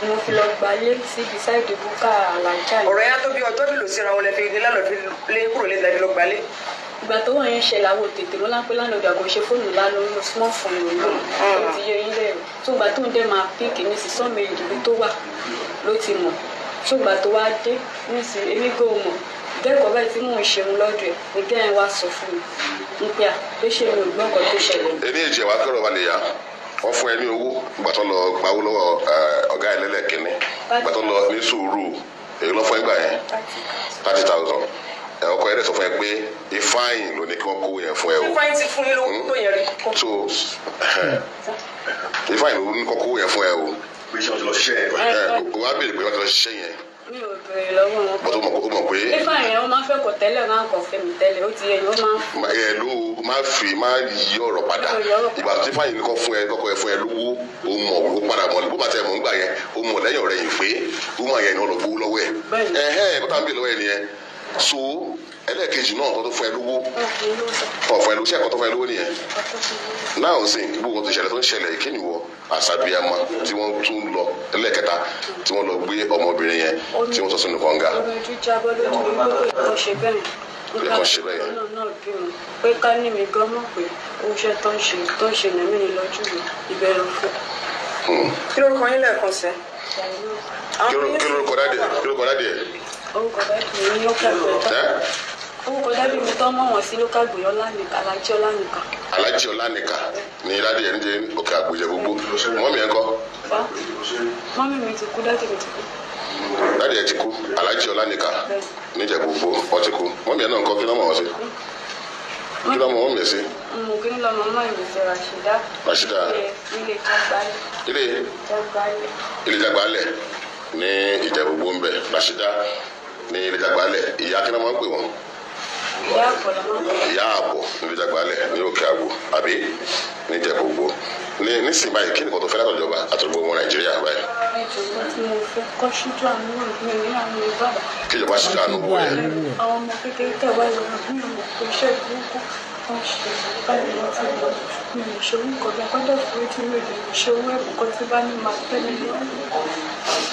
ni mo fi lọ gba ilé sí beside búkà alájà yìí. ọ̀rọ̀ yẹn á tó bí ọjọ́ mélòó síra wọn lẹ fi ní lánàá fi lé kúrò lé tàbí lọ gba lé. ìgbà tó wọ̀nyẹn ṣẹlẹ̀ àwọn tètè ló lápẹ́ lánàá ìgbà kò ṣe fóònù lánàá ló small phone ló ló mm. ti yẹ yín lẹ́rù tó ìgbà tó ń dẹ́ máa píkì ní sísọ́ mi ìdílé tó wà ló ti mọ̀ ṣùgbà tó wá dé nísìnyí èmi gò mọ̀ dẹ́kọ̀ọ́ bẹ́ẹ̀ tí mò ń ṣeun lọ́dọ̀ ẹ̀ nǹkan ẹ̀ wá sọ fún mi nípa pé ṣé mi ò gbọ́ tó ṣẹlẹ̀. èmi ìjẹ̀wá kọ̀rọ̀ wa lè yá wọ́n fún ẹ ní owó ìgbà tó lọ gbawó lọ́wọ́ ọ̀gá ẹ lẹ́lẹ̀ kínní ìgbà tó lọ ní sùúrù èyí lọ fún ẹgbà yẹn thirty thousand ọkọ yẹn dẹ̀ sọ fún ẹ pé ifeanyi ló ní kí wọ́n kówó yẹn fún ẹ o ifeanyi ti fún yín lówó hmm? tó yẹn rí kó so ló ní kí wọ́n kówó yẹn fún ẹ o wọ́n á béèrè pé wọ́n ti lọ ṣiṣẹ́ yẹn mi ò béèrè lọ́wọ́ wọn. o mọ̀ pé. fífà yẹn máa fẹ́ kọ̀ tẹ́lẹ̀ máa ń fẹ́ mi tẹ́lẹ̀ ó ti yẹ yẹn ó máa ẹ ló máa fi máa yí ọ̀rọ̀ padà ìgbà tí fífà kọ́ fún ẹ kọ́kọ́ ẹ fún ẹ lówó o mọ̀ o padà mọ̀ bó bá tẹ mọ̀ ń gbà yẹn o mọ̀ lẹ́yìn ọ̀rẹ́ yìí pé ó máa yẹ ìnáwó lọ́wọ́ ẹ. bẹ́ẹ̀ ni ẹlẹ́ẹ̀kejì náà nǹkan tó fún ẹ lówó ọ̀fọ̀ ẹ ló ṣe ẹ̀kọ́ tó fún ẹ lówó nìyẹn náà ń sìn gbogbo tó ṣẹlẹ̀ tó ń ṣẹlẹ̀ kí ni wọ àṣàbíyamọ tí wọ́n tún lọ ẹlẹ́ẹ̀kẹta tí wọ́n lọ gbé ọmọbìnrin yẹn tí wọ́n sọ sínú kànga. Hmm. kí ló kọ yín lẹ́ẹ̀kan sẹ́? kí ló kọ dáadé? kí ló kọ dáadé? orúkọ dábì mi tán mọ̀ wọ́n sí ọla nika, ni dáàdì yẹn ń jẹ òkè àgbèjẹ gbogbo mọ́mì yẹn kọ́. mọ́mì mi ti kú dáàdì mi ti kú. dáàdì yẹn ti kú alájí ọlánìkà gbogbo ọ Rashida. Rashida ilé jagbalẹ̀. ilé jagbalẹ̀. ilé Rashida ní ilé jagbalẹ̀ ìyá kí ìyá àbọ̀ níbi dàgbàlẹ̀ ní òkè àbò àbí níjẹ̀ gbogbo ní nísìn báyìí kí nìkan tó fẹ́ látọ̀ ìjọba àtọ̀gbọ̀ ọmọ nàìjíríà báyìí. kíjọba ṣíjú àánú bò yẹn. àwọn ọmọ kékeré tẹ̀ wá ìlànà fún ìmọ̀ tó ṣe ìdúró kan ṣe báyìí wọ́n ti lọ mi ò ṣòwò nǹkan bí akọ́jọ́ ìfúró tí mi ò ṣòwò ẹ̀kọ́ tí bá ní máa tẹ́lẹ̀ lọ́wọ́.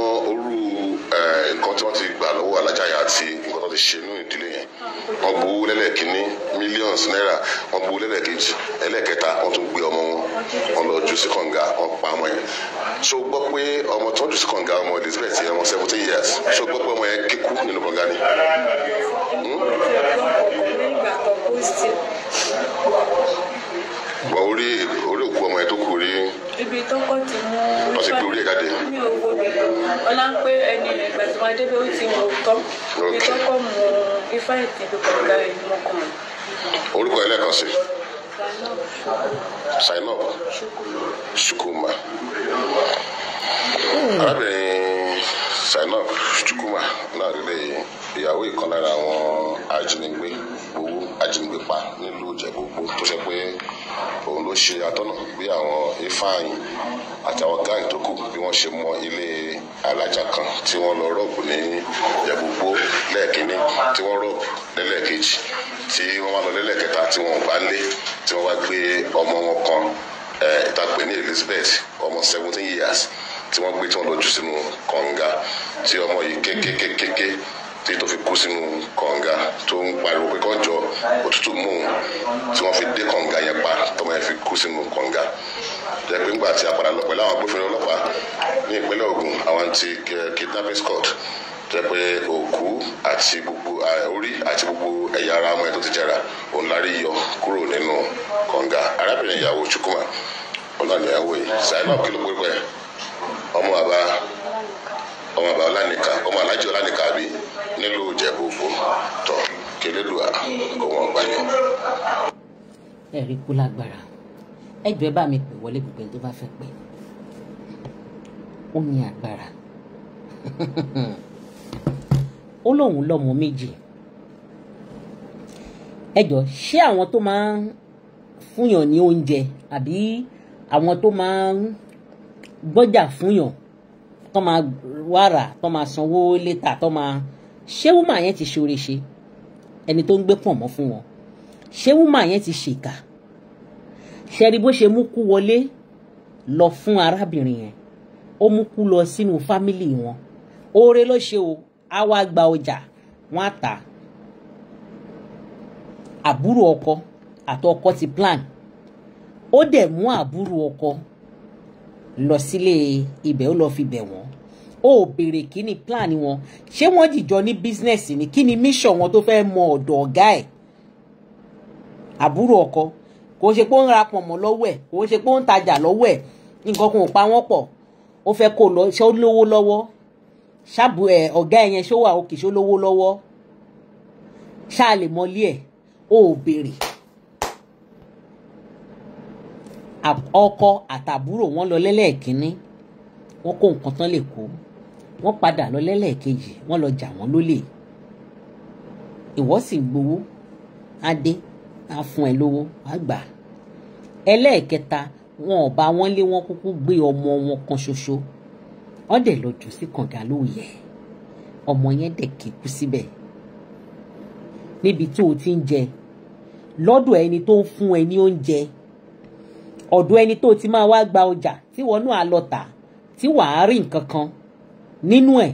nǹkan tí wọ́n ti gbà lọ́wọ́ alájàyà àti nǹkan tó ti ṣe nínú ìdílé yẹn wọ́n gbowó lẹ́lẹ́kìnní mílíọ̀nsì náírà wọ́n gbowó lẹ́lẹ́kejì ẹlẹ́kẹta wọ́n tún gbé ọmọ wọn wọ́n lọ jù sí kànga wọ́n pa ọmọ yẹn so gbọ́ pé ọmọ tó jù sí kànga ọmọ Elizabeth yẹn ọmọ seventeen years so gbọ́ pé ọmọ yẹn kíkú nínú kànga ni. Hmm? wọ́n orí òkú ọmọ yẹn tó kù rí ibi tọkọ ti mú wọn ti gbé jáde mi ò wo mi ọlá ń pé ẹni ìgbà tí wọn débẹ̀ ó ti mú tọ ibi tọkọ mú ifá ìtì ibi kọ̀ọ̀kan rẹ̀ ni mo kàn. orúkọ ẹlẹ́kan sí Zainab Chukwuma arábìnrin Zainab Chukwuma náà lè ìyàwó ìkan lára àwọn ajínigbé owó ajínigbé pa nílùú Ìjẹ̀bú Ògbó tó ṣe pé òun ló ṣe atọ́nà bí àwọn ifeanyi àti àwọn gang tó kù bí wọ́n ṣe mọ ilé alájà kan tí wọ́n lọ rọ́ọ̀bù ní ẹ̀bùgbó lẹ́ẹ̀kínní tí wọ́n rọ́ọ̀bù lẹ́lẹ́ẹ̀kejì tí wọ́n wá lọ lẹ́lẹ́ẹ̀kẹta tí wọ́n bá lé tí wọ́n wá gbé ọmọ wọn kan ìtàgbẹ́ ní Elizabeth ọmọ seventeen years tí wọ́n gbé tí wọ́n lọ jù sínú kànga tí ọmọ yìí kékékékéké tí tó fi kú sínú kànga tó ń pariwo pé kọjọ òtútù mú un tí wọ́n fi dé kànga yẹn pa tọmọ yẹn fi kú sínú kànga jẹ́ pé ńgbà tí a padà lọ pẹ̀lú àwọn agbófinró ọlọ́pàá ní ìpínlẹ̀ Ògùn àwọn ti kidnapping squad jẹ́ pé òkú àti gbogbo orí àti gbogbo ẹ̀yà ara ọmọ ẹ̀ tó ti jẹrà òun lárí yọ kúrò nínú kànga arábìnrin ìyàwó Chukwuma ọlọ́ọ̀ni ẹ̀wọ̀ yìí Zainab kí ló pé pẹ́ ọmọ bàbá ọmọ bàbá ọlánìkà ọmọ alájọ ọlánìkà àbí nílùú ìjẹ̀bú ògbó tọ̀ kẹlẹ́lùwà òun ọgbà yẹn. ẹ̀rí kú lágbára ẹjọ́ ẹ bá mi pè wọlé gbogbo ẹni tó bá fẹ́ pè ó ní agbára *laughs* ó lóun lọ́mọ méjì ẹjọ́ ṣé àwọn tó máa ń fúnyàn ní oúnjẹ àbí àwọn tó máa ń gbọ́jà fúnyàn tó máa wàrà tó máa sanwó létà tó máa ṣé wúmà yẹn ti ṣoore ṣe ẹni tó ń gbé pọ̀nmọ́ fún wọn ṣé wúmà yẹn ti ṣèkà ṣẹ́rí bó ṣe mú kú wọlé lọ fún arábìnrin yẹn ó mú kú lọ sínú fámìlì wọn oore ló ṣe o á wá gba ọjà wọn á tà àbúrò ọkọ àtọkọ ti plan ó dẹ̀ mú àbúrò ọkọ lọ sílé ibẹ̀ ó lọ fi bẹ̀ wọ́n ó béèrè kí ni plan wọn ṣé wọ́n jìjọ ní business ni kí ni mission wọn tó fẹ́ mọ ọ̀dọ̀ ọ̀gá ẹ̀ àbúrò ọkọ kò ṣe pé ó ń ra pọ̀nmọ́ lọ́wọ́ ẹ̀ kò ṣe pé ó ń tajà lọ́wọ́ ẹ̀ nǹkan kan ò pa wọ́n pọ̀ ó fẹ́ kó lọ ṣé ó lówó lọ́wọ́ ṣáàbù ẹ̀ ọ̀gá ẹ̀ yẹn ṣó wà òkè ṣó lówó lọ́wọ́ ṣáà lè mọlé ẹ̀ ó béèrè. ọkọ àtàbúrò wọn lọ lẹ́lẹ́ẹ̀kínní wọ́n kó nǹkan tán lè kó wọ́n padà lọ lẹ́lẹ́ẹ̀kejì wọ́n lọ jà wọ́n lólè ìwọ sì gbowó á dé á fún ẹ lówó á gbà ẹlẹ́ẹ̀kẹta wọn ò bá wọn lé wọn kúkú gbé ọmọ wọn kan ṣoṣo wọ́n dẹ̀ lọ jù sí kànga lóòyẹ̀ ọmọ yẹn dẹ̀ kíkú síbẹ̀ níbi tó o ti ń jẹ lọ́dọ̀ ẹni tó ń fún ẹ ní oúnjẹ ọ̀dọ̀ ẹni tó ti máa wá gba ọjà tí wọ́n náà lọ tà tí wàá rí nǹkan kan nínú ẹ̀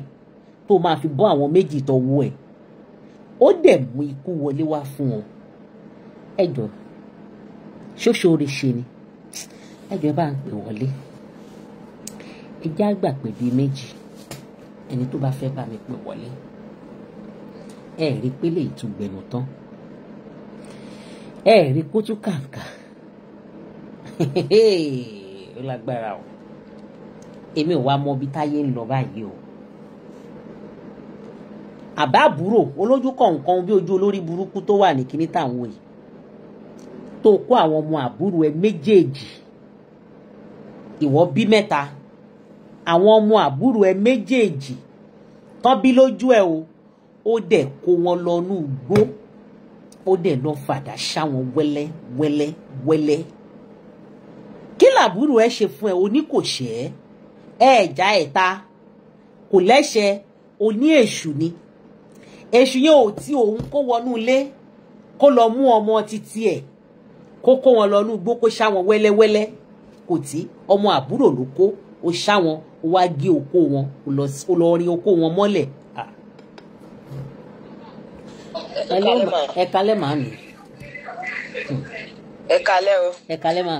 tó máa fi bọ́ àwọn méjì tọ́wọ́ ẹ̀ ó dẹ̀ mú ikú wọlé wá fún wọn ẹ jọ ṣóṣo rè ṣe ni ẹ jọ bá ń pè wọlé ẹ já gbà pé bíi méjì ẹni tó bá fẹ́ bá mi pè wọlé ẹ rí pélé ìtúgbẹ̀nù tán ẹ rí kótó kàǹkà ó lágbára o èmi ò wá mọ ibi táyé ń lọ báyìí o àbá àbúrò olójú kọ̀ọ̀kan bí ojú olórí burúkú tó wà ní kíní táwọn yìí tó kó àwọn ọmọ àbúrò ẹ méjèèjì ìwọ bí mẹ́ta àwọn ọmọ àbúrò ẹ méjèèjì tán bí lójú ẹ o ó dẹ̀ kó wọn lọ nú igbó ó dẹ̀ lọ fàdà ṣá wọn wẹ́lẹ́ wẹ́lẹ́ kí làbúrò ẹ ṣe fún ẹ oní kò ṣe ẹ ẹ ẹja ẹta kò lẹ́ṣẹ̀ oní èṣù ni èṣù yẹn ò tí òun kó wọnú ilé kó lọ mú ọmọ títí ẹ kó kó wọn lọ lúgbó kó ṣá wọn wẹ́lẹ́wẹ́lẹ́ kò tí ọmọ àbúrò ló kó o ṣá wọn o wá gé okó wọn o lọ rin okó wọn mọ́lẹ̀. ẹ̀ka lẹ́ màá mi. ẹ̀ka o. ẹ̀ka lẹ́ màá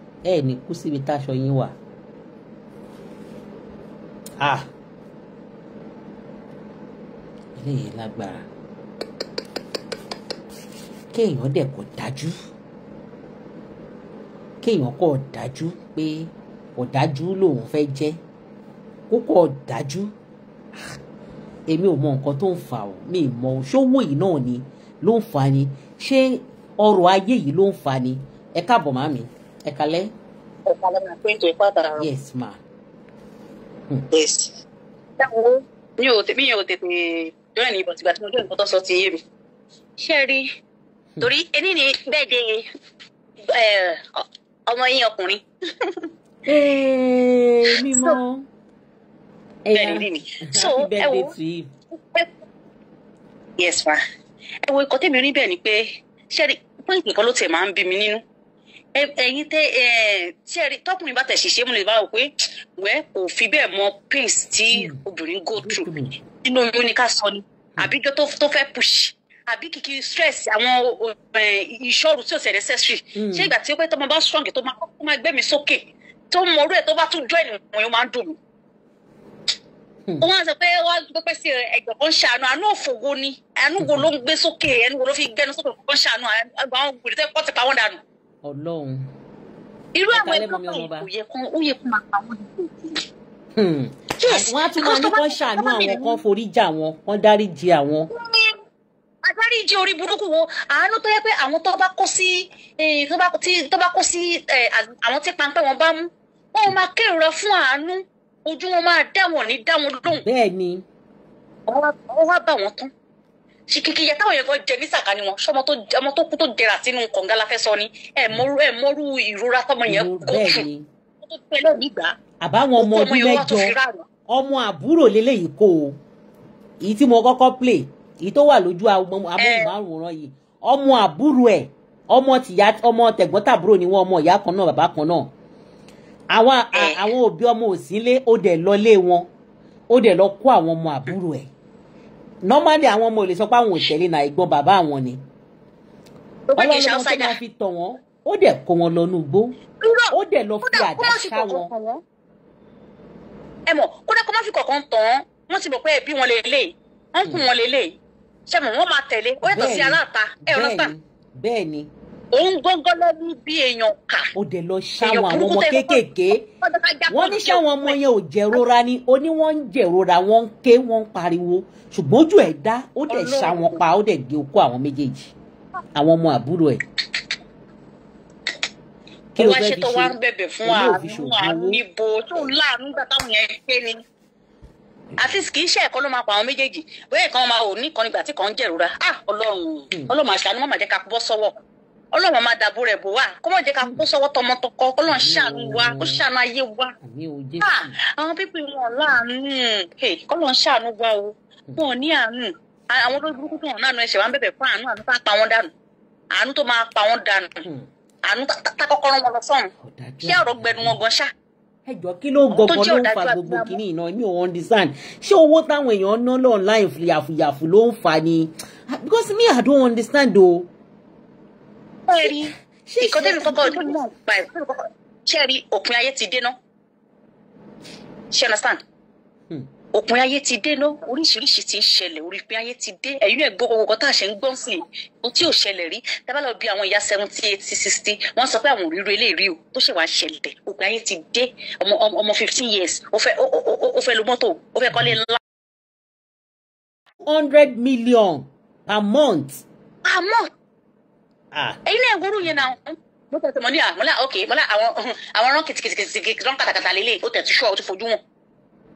ẹ ní kú síbi táṣọ yín wà. Ah. eléyìí lágbára kéèyàn dẹ̀ kò dájú kéèyàn kò dájú pé ọ̀dájú lòun fẹ́ jẹ́ kókò ọ̀dájú ah. èmi ò mọ nǹkan tó ń fà ó mi mọ ṣówó yìí náà ni ló ń fà ni ṣé ọrọ̀ ayé yìí ló ń fà ni ẹ káàbọ̀ màmí ẹ kálẹ́. ẹ kálẹ́ máa pé ètò ìpá àtàrà. yes ma. Hmm. yes. ṣé wo mi ò tèmi ò tètè join ìbọn tìgbà tí mo join ìbọn sọ ti yé mi. ṣé rí hmm. torí ẹni ni bẹ́ẹ̀ de ọmọ yín ọkùnrin. *laughs* mímọ ẹyà happy birthday to you. yes ma ẹ wo ikọ̀ tèmi rí bẹ́ẹ̀ ni pé ṣé rí pọ́ìntì kan ló tiẹ̀ máa ń bí mi nínú ẹ̀yin tẹ ẹ ṣe rí tọkùnrin bá tẹ ṣiṣẹ́ mo lè bá wò pé wẹ kò fi bẹ́ẹ̀ mọ pains tí hmm. obìnrin go through nínú oyún ni ká sọ ni hmm. àbíjọ tó fẹ́ push àbí kìkì stress àwọn ìṣòro tí ò ṣe necessary ṣé ìgbà tí ó pẹ́ tọmọ bá strong tó máa kọ́kọ́ máa gbé mi sókè tó mọ orú ẹ̀ tó bá tún join ìwọ̀n yóò máa ń dùn mí. Hmm. ó máa sọ pé wá pẹ́pẹ́ sí ẹgbẹ́ kan ṣàánú àánú òfògo ni àánú wo ló ń gbé sókè ẹnu wo ló fi gbẹ́nu sókè kan ṣàánú àwọn gbèrè tẹ́ pọ́ ti pa wọ́n dànù. Ọlọ́run. irú àwọn ẹgbẹ́ kan òye kan òye kan máa pa wọ́n ní kòtò. Hmm. wọ́n á tún máa ní kán ṣàánú àwọn kan forí jà wọn kán dáríjì àwọn. adáríjì hmm. orí burúkú wo àánú tó yẹ pé àwọn tó bá kó sí eh, tó bá kó sí eh, àwọn tí pańpẹ́ wọn bá mú wọn máa kérora fún àánú ojú wọn máa dá wọn ní dá wọn lóhùn. bẹ́ẹ̀ ni. ọwọ́ bá wọn tán kìkì yàtọ̀ àwọn yẹn kan jẹ ní sàkání wọn sọmọ tó ọmọ tó kú tó jẹrà sínú kànga la fẹ́ sọ ni ẹ mọrú ẹ mọrú ìrora tọmọ yẹn kó fún tó tó tẹ lẹ́ẹ̀mí gbà. àbáwọn ọmọ ọdún mẹ́jọ ọmọ àbúrò lélẹ́yìí kó o èyí tí mo kọ́kọ́ play èyí tó wà lójú amóhùnmáwòrán yìí ọmọ àbúrò ẹ̀ ọmọ tìyá ọmọ tẹ̀gbọ́ntàbúrò ni wọ́n ọmọ ìyá kan náà bàbá kan náà eh. àwọn òbí ọmọ òsínlé ó dẹ̀ lọ lé wọn ó dẹ̀ lọ kó àwọn ọmọ àbúrò ẹ̀ normally àwọn ọmọ ìlẹ̀ sọ pé àwọn òṣèlè náà ìgbọ́n bàbá àwọn ni ọlọ́run tó máa fi tọ̀ wọ́n ó dẹ̀ kó wọn lọ núgbó ó dẹ̀ lọ fi àdá ṣá wọn. ẹ mọ̀ kódà kó má fi kọ̀ọ̀kan tán wọ́n ti mọ̀ pé ẹbí wọn lélẹ̀ ọ̀nkùn hmm. wọn lélẹ̀ ṣe mọ̀ wọ́n máa tẹ̀lé ó yàtọ̀ sí aláàta ẹ̀ ọ̀nà òun gángan lọ ní bí èèyàn kà. ó dẹ̀ lọ ṣáwọn àwọn ọmọ kéékèèké wọ́n ní ṣáwọn ọmọ yẹn ò jẹ̀rora ni ó ní wọ́n ń jẹ̀rora wọ́n ń ké wọ́n ń pariwo ṣùgbọ́n ojú ẹ̀ dá ó dẹ̀ ṣáwọn pa ó dẹ̀ gé okó àwọn méjèèjì àwọn ọmọ àbúrò ẹ̀. kí ló fẹ́ fi ṣe ilé òfìṣò owó. ìbò tó láàánú gbà táwọn yẹn ké ni àti kì í ṣe ẹ̀kọ́ ló máa pa àwọn méjèèjì bóyá ìkan máa ò ní kan nígbà tí kan ń jẹ̀rora ah ọlọ́run hmm. ọlọ́run àṣà ni wọ́n máa jẹ́ ká bọ́ sọ́wọ́ ọlọ́run máa dàbò rẹ̀ bò wá kó má jẹ́ ká kó sọ́wọ́ tọmọtọkọ kó lọ́n ṣàánú mm. wa kó ṣàánú ayé wa ah, àwọn pípé wọn láàánú kó lọ́n ṣàánú wa o wọn ò ní àánú àwọn olórí burúkú tó hàn náà ẹsẹ̀ wa ń bẹ̀bẹ̀ fún àánú àánú tá a pa wọn dànù àánú tó máa pa wọn dànù hmm. àánú tá kọ́kọ́ wọn lọ sọ́run ṣé ọ̀rọ̀ gbẹnu wọn gan ṣá. ẹ jọ kí ló gbọgbọ ló ń fa gbogbo kínní iná mi ò understand ṣé owó táwọn èèyàn ń ná lọ́ọ̀láì fìyàfùyàfù ló ń fa ni because me I don't understand o ẹ rí nǹkan tẹ́mi kọ́kọ́ ọdún ṣe rí òpin ayé ti dé ná ṣe understand hmm. òpin ayé ti dé ná oríṣiríṣi ti ń ṣẹlẹ̀ òpin ayé ti dé ẹ̀yin náà gbọ́ owó tá a ṣe ń gbọ́n sí i tí ò ṣẹlẹ̀ rí tábà lọ bí àwọn ìyá seventy eighty sixty wọ́n sọ pé àwọn òríro eléyìí rí o tó ṣe wá ń ṣẹlẹ̀ òpin ayé ti dé ọmọ fifteen years ó fẹ́ ó fẹ́ lo mọ́tò ó fẹ́ kọ́lé ńlá. hundred million per month. per month ẹyin ah. náà wúrú yẹn náà mo tẹ̀ tẹ̀ mọ́ ní à ah, mo ok mo lá àwọn àwọn rán kìtìkìtìkìtì rán kàtàkàtà lélẹ̀ ó tẹ̀ tí ṣọ́ ọ ti fojú wọn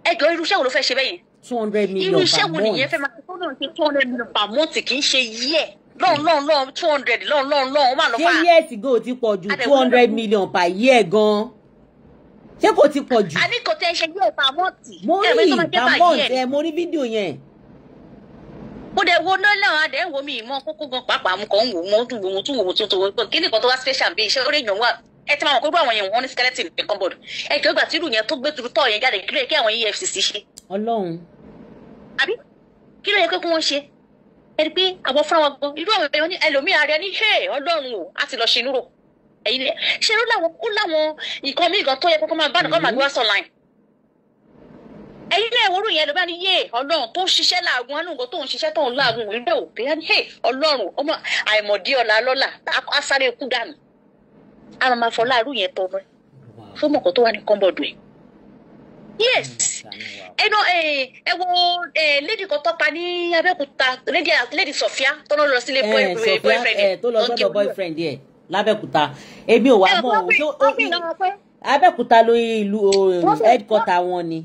ẹ jọ irúṣẹ́ wo ló fẹ́ ṣe bẹ́yìn two hundred million per month irúṣẹ́ wo nìyẹn fẹ́ máa ṣe fọ́nà ṣe two hundred million per month kì í ṣe yíẹ̀ lọ́n lọ́n lọ́n two hundred lọ́n lọ́n lọ́n ó máa lọ fà. ṣé years ago ti pọ̀ ju two hundred million per year gan-an ṣé kò ti pọ̀ jù. àní kò tẹ ṣe yíẹ̀ per month. mo rí per month mo rí fídíò yẹn mo dẹ̀ wo náà lẹ́wọ̀n adẹ̀ ń wo mi ìmọ̀ kókó gan pàápàá mo kàn ń wò mo tún wò tún wò mo tún wò kí nìkan tó wá special bí iṣẹ́ orí èèyàn wà ẹ ti máa mọ̀ pé gbọ́ àwọn èèyàn wọn ní skeleton ní kọ́ńbọ̀d ẹ kí ó gbà tí irú yẹn tó gbé turutọ̀ yẹn jáde kí ló yẹ kí àwọn EFCC ṣe. Ọlọ́run. àbí kí ló yẹ kí wọ́n ṣe ẹ rí i pé àwọn fúnra wọn gan irú àwọn èèyàn ní ẹlòmíràn rẹ ní ṣe Ọlọ́run o á ti lọ ṣe inú ẹyin náà ìwúrú yẹn ló bá ní yé Ọlọ́run tó ń ṣiṣẹ́ láàgùn anú nǹkan tó ń ṣiṣẹ́ tó ń láàgùn ìlú òkè á ní hey Ọlọ́run ọmọ àìmọdí ọlá lọlá asáré kú dànù a máa fọ láàrú yẹn tọmọ fún mọkàn tó wà ní kọmbọdù ẹ yes ẹ nọ ẹ wo lady kan tọpa ní Abẹ́òkúta lady Sofia tọ́nà lọ sílé eh, eh, eh, boyfriend ẹ tó lọ sọ́dọ̀ boyfriend ẹ lábẹ́òkúta èmi ò wá mọ̀ ọ́ Abẹ́òkúta ló ìlú headquarter wọn ni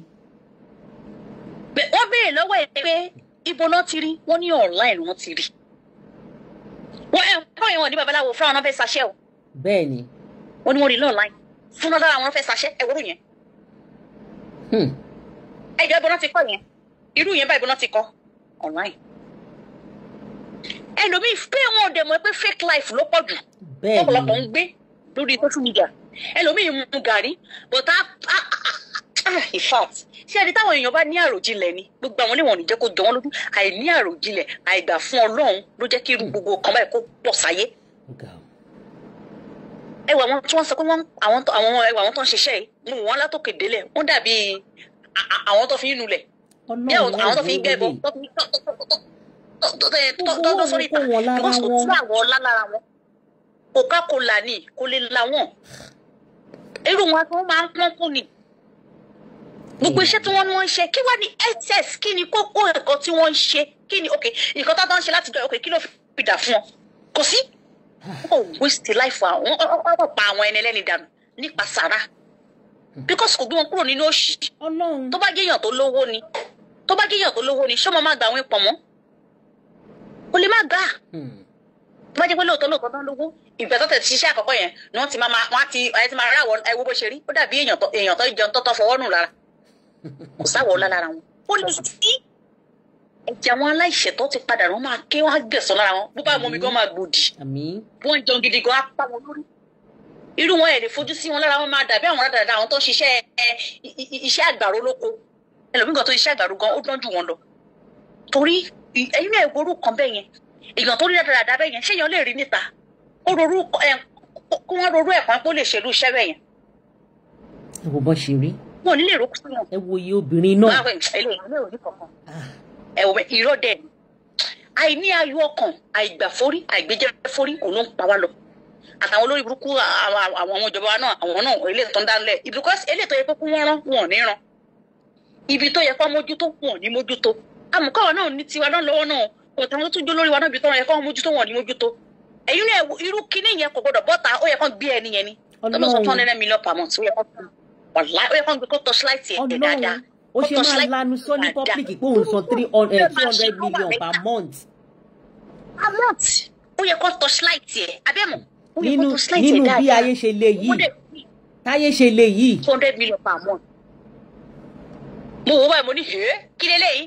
wọ́n béèrè lọ́wọ́ ẹ̀ pé ibo náà ti rí wọ́n ní online wọ́n ti rí wọ́n ẹ̀ wọ́n yẹn wọ́n ní babaláwo fúnra wọn fẹ́ ṣaṣẹ́ o. bẹ́ẹ̀ni. wọ́n ní wọ́n rí lọ online fúnra lára wọn fẹ́ ṣaṣẹ́ ẹ wúrú yẹn. Hmm. ẹ jọ ibo náà ti kọ yẹn irú yẹn bá ibo náà ti kọ online. ẹlòmíì pé wọn ò dẹ̀ mọ̀ pé fake life ló pọ̀ jù. bẹ́ẹ̀ni ń gbé lórí social media ẹlòmíì mu gàrí but in fact ṣé ẹni táwọn èèyàn bá ní àròjinlẹ̀ ni gbogbo àwọn oníwọ̀n níjẹ́ kó jọ wọ́n lójú àìní àròjinlẹ̀ àìgbà fún ọlọ́run ló jẹ́ kí irú gbogbo kan báyìí kó pọ̀ sáyé. ẹwà àwọn tí wọ́n sọ pé àwọn ẹwà àwọn tó ń ṣiṣẹ́ yìí wọn látòkè délẹ̀ wọ́n dàbí àwọn tó fi ń nulẹ̀ bí àwọn tó fi ń gẹ̀bọ tọ́tọ́ sórí ìta because kò tí àwọn ọlá lára wọn coca cola ni kò lè la wọn irú wọn tó máa ń pọ́n kú ni gbogbo iṣẹ́ tí wọ́n ní wọ́n ń ṣe kí wá ní excess kí ni kókó ẹ̀kọ́ tí wọ́n ń ṣe kí ni ok nǹkan tó ń ṣe láti jọ ok kí ló fi dà fún ọ kò sí ó waste life àwọn ọ̀rọ̀ pa àwọn ẹni ẹlẹ́ni dànù nípa sàrà because kò gbé wọn kúrò nínú òṣì tó bá jẹ́ èèyàn tó lówó ni tó bá jẹ́ èèyàn tó lówó ni ṣé ọmọ máa gba àwọn ipò o lè má gbà tó bá jẹ́ pé lóòótọ́ lóòótọ́ tán lówó ìgbà tó tẹ̀ ti ṣiṣẹ́ àkọ́kọ́ yẹn ni wọ́n ti máa wọ́n á ti ẹ̀ ti máa ráwọ̀ ẹ̀wọ́ bó ṣe rí ó dàbí èèyàn tó jẹun tó tọ́ fọwọ́ nù lára kò sáwọ ọlá lára wọn ó lè sí ẹ̀jẹ̀ àwọn aláìṣẹ̀tọ́ ti padà wọn máa ké wọn á gbẹ̀sọ̀ lára wọn bó bá mọ omi gan máa gbòdì wọn jọ gidi gan á pa wọn lórí irú wọn ẹ lè fojú sí wọn lára wọn máa dàbí àwọn dáadáa àwọn tó ń ṣiṣẹ́ iṣẹ́ àgbàro lóko ẹlòmíì kan tó ṣiṣẹ́ àgbàro gan ó dán jù wọn lọ torí ẹ̀yin náà ìwòrú kan bẹ́ẹ̀ yẹn èèyàn tó rí dáadáa bẹ́ẹ̀ yẹn ṣéèyàn lè rí níta ó rorú kó wọn rorú ẹ̀pọ̀n pé lè ṣèlú iṣẹ́ bẹ́ẹ̀ yẹn. ẹ wo ṣe rí wọn ò ní lè rókù sọnà. ẹ wo iye obìnrin náà. báwo ìjà ilé ìlú ò ní kankan. ẹ wò bẹ irọ́ dẹ̀ ni àìní ayọ̀ ọkàn àìgbàforí àìgbéjẹ́forí òun ló ń pa wá lọ àtàwọn olórí burúkú àwọn àwọn ìjọba náà àwọn náà eléyìí tó ń dánilẹ̀ because eléyìí tó yẹ kó wọ́n rán wọn ò ní rán ibi tó yẹ kó mójútó wọn ò ní mójútó amùkáwọn náà ní tiwa náà lọ́wọ́ náà kò tàwọn tó tún jó lórí wa náà ibi tó yẹ kó mójútó wọn ò ní mójútó ẹ̀yin ní irú kíní yẹn kò gbọdọ̀ bọ́ta ó yẹ kó gbé ẹni yẹn ọ̀la oh, ó yẹ kó ń gbé kó tọ́ síláìtì ẹ̀ dáadáa. ó ṣe máa lanu sọ ní public pé òun san three eh, hundred million per month. per month ó yẹ kó tọ́ síláìtì ẹ̀ abẹ́mọ̀ ó yẹ kó tọ́ síláìtì ẹ̀ dáadáa. nínú bí ayé ṣe le yìí táyé ṣe le yìí. two hundred million per month. mo wò báyìí mo ní hẹ́ẹ́ kí lélẹ́yìí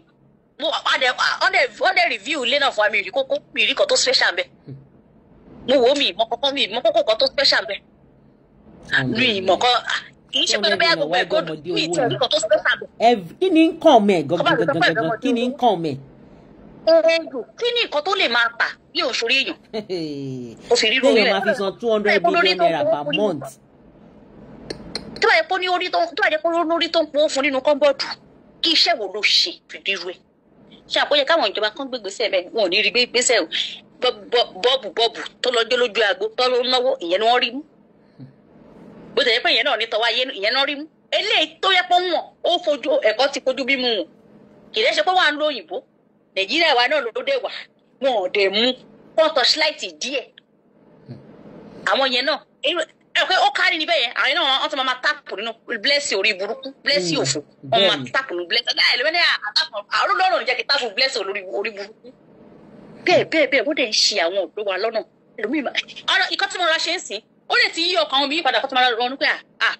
mo ọdẹ ọdẹ ọdẹ review ilé náà fún mi rí kókó mi rí tó special bẹ mo wò mí mo kọkọ mi mo kókó kan tó special bẹ mi mọ kì í ṣe pé bẹ́ẹ̀ gbogbo ẹ̀kọ́ bí ìtàn nǹkan tó ṣe sàbẹ̀. kí ni nǹkan mẹ́ gangan kí ni nǹkan mẹ́. kí ni nǹkan tó lè máa tà bí òṣèré èèyàn. o sì rírun máa fi san two hundred billion naira per month. tó bá yẹ kó ní orí tó tó bá yẹ kó lórí tó ń pọ̀ fún nínú kọ́ńbọ̀dù kí iṣẹ́ wo ló ṣe fìdírú ẹ̀. ṣé àkóyẹ káwọn ìjọba kan gbégbèsè bẹ́ẹ̀ wọn ò ní rí gbégbèsè bọ́ọ̀bù bọ́ọ̀bù tó lọ gbé lójú àgbo tó lọ náwó ìyẹn ni wọ́n rí mú bó ti yẹ pé ìyẹn náà ní tọwọ́ ìyẹn náà rí mú eléyìí tó yẹ pé wọn ó fojú ẹ̀kọ́ ti fojú bí mu wọn kì í ṣe pé wà ń lo òyìnbó nàìjíríà wa náà ló dé wà wọn ò dé mú wọn tọ́ṣíláìtì díẹ̀ àwọn yẹn náà ẹ̀kọ́ ó kárí níbẹ̀ yẹn àwọn náà wọ́n tún máa tápù nínú blẹ́sì orí burúkú blẹ́sì hmm. òfò hmm. wọ́n máa hmm. tápù nínú blẹ́sì ọ̀gá ẹ̀lẹ́wẹ́ ní àtàkùn àrùn lọ́rùn ní jẹ́ kí tápù blẹ́sì orí burúkú bẹ́ẹ̀ bẹ́ẹ̀ bẹ́ẹ̀ wọ́n dẹ̀ ń ṣe ọ̀rọ̀ ikọ́ mo ra ṣe ń sìn ó lè ti yí ọkàn àwọn obìnrin padà kó tó máa ronú pé ah ah,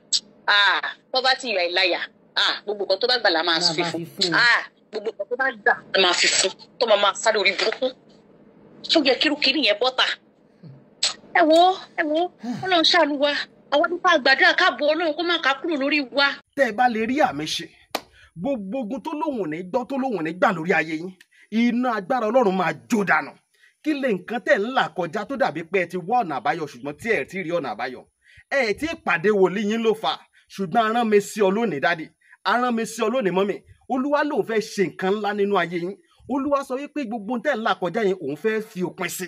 ah poverty ìrà ìláyà ah gbogbo nǹkan tó bá gbà la máa fi fún ah gbogbo nǹkan tó bá gbà la máa fi fún tó máa máa sáré orí burúkú tó yẹ kírúkiri yẹn bọ́tà ẹ wo ẹ wo ọlọ́run ṣàánú wa àwọn nípa àgbàdo àkàbọ̀ ọlọ́run kó má kà kúrò lórí wa. tẹ́ ẹ bá lè rí àmì ṣe gbogbo ogun tó lóun ò ní gbọ́ tó lóun ò ní gbà lórí ayé yín iná agbára ọlọ́run máa jó dànù kí lè nǹkan tẹ̀ ń là kọjá tó dàbí pé ẹ ti wá ọ̀nà àbáyọ ṣùgbọ́n tí ẹ ti rí ọ̀nà àbáyọ ẹ ti pàdé wòlíì yín ló fà ṣùgbọ́n arán mi sí ọ lónìí dádì arán mi sí ọ lónìí mọ́mì olúwa lòun fẹ́ ṣe nǹkan ńlá nínú ayé yín olúwa sọ wípé gbogbo tẹ̀ ń là kọjá yẹn òun fẹ́ fi òpin sí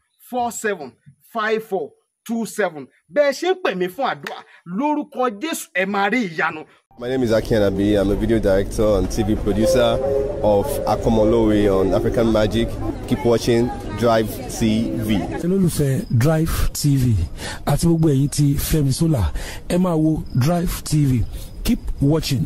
four seven five four two seven bẹ́ẹ̀ ṣe ń pè mí fún àdúrà lórúkọ Jésù ẹ máa rí ìyanu. My name is Aki Abi. I'm a video director and TV producer of Akomolowe on African Magic. Keep watching Drive TV. Olólùfẹ́ Drive TV àti gbogbo ẹ̀yin tí Fẹ́mi Sola ẹ máa wo Drive TV. Keep watching.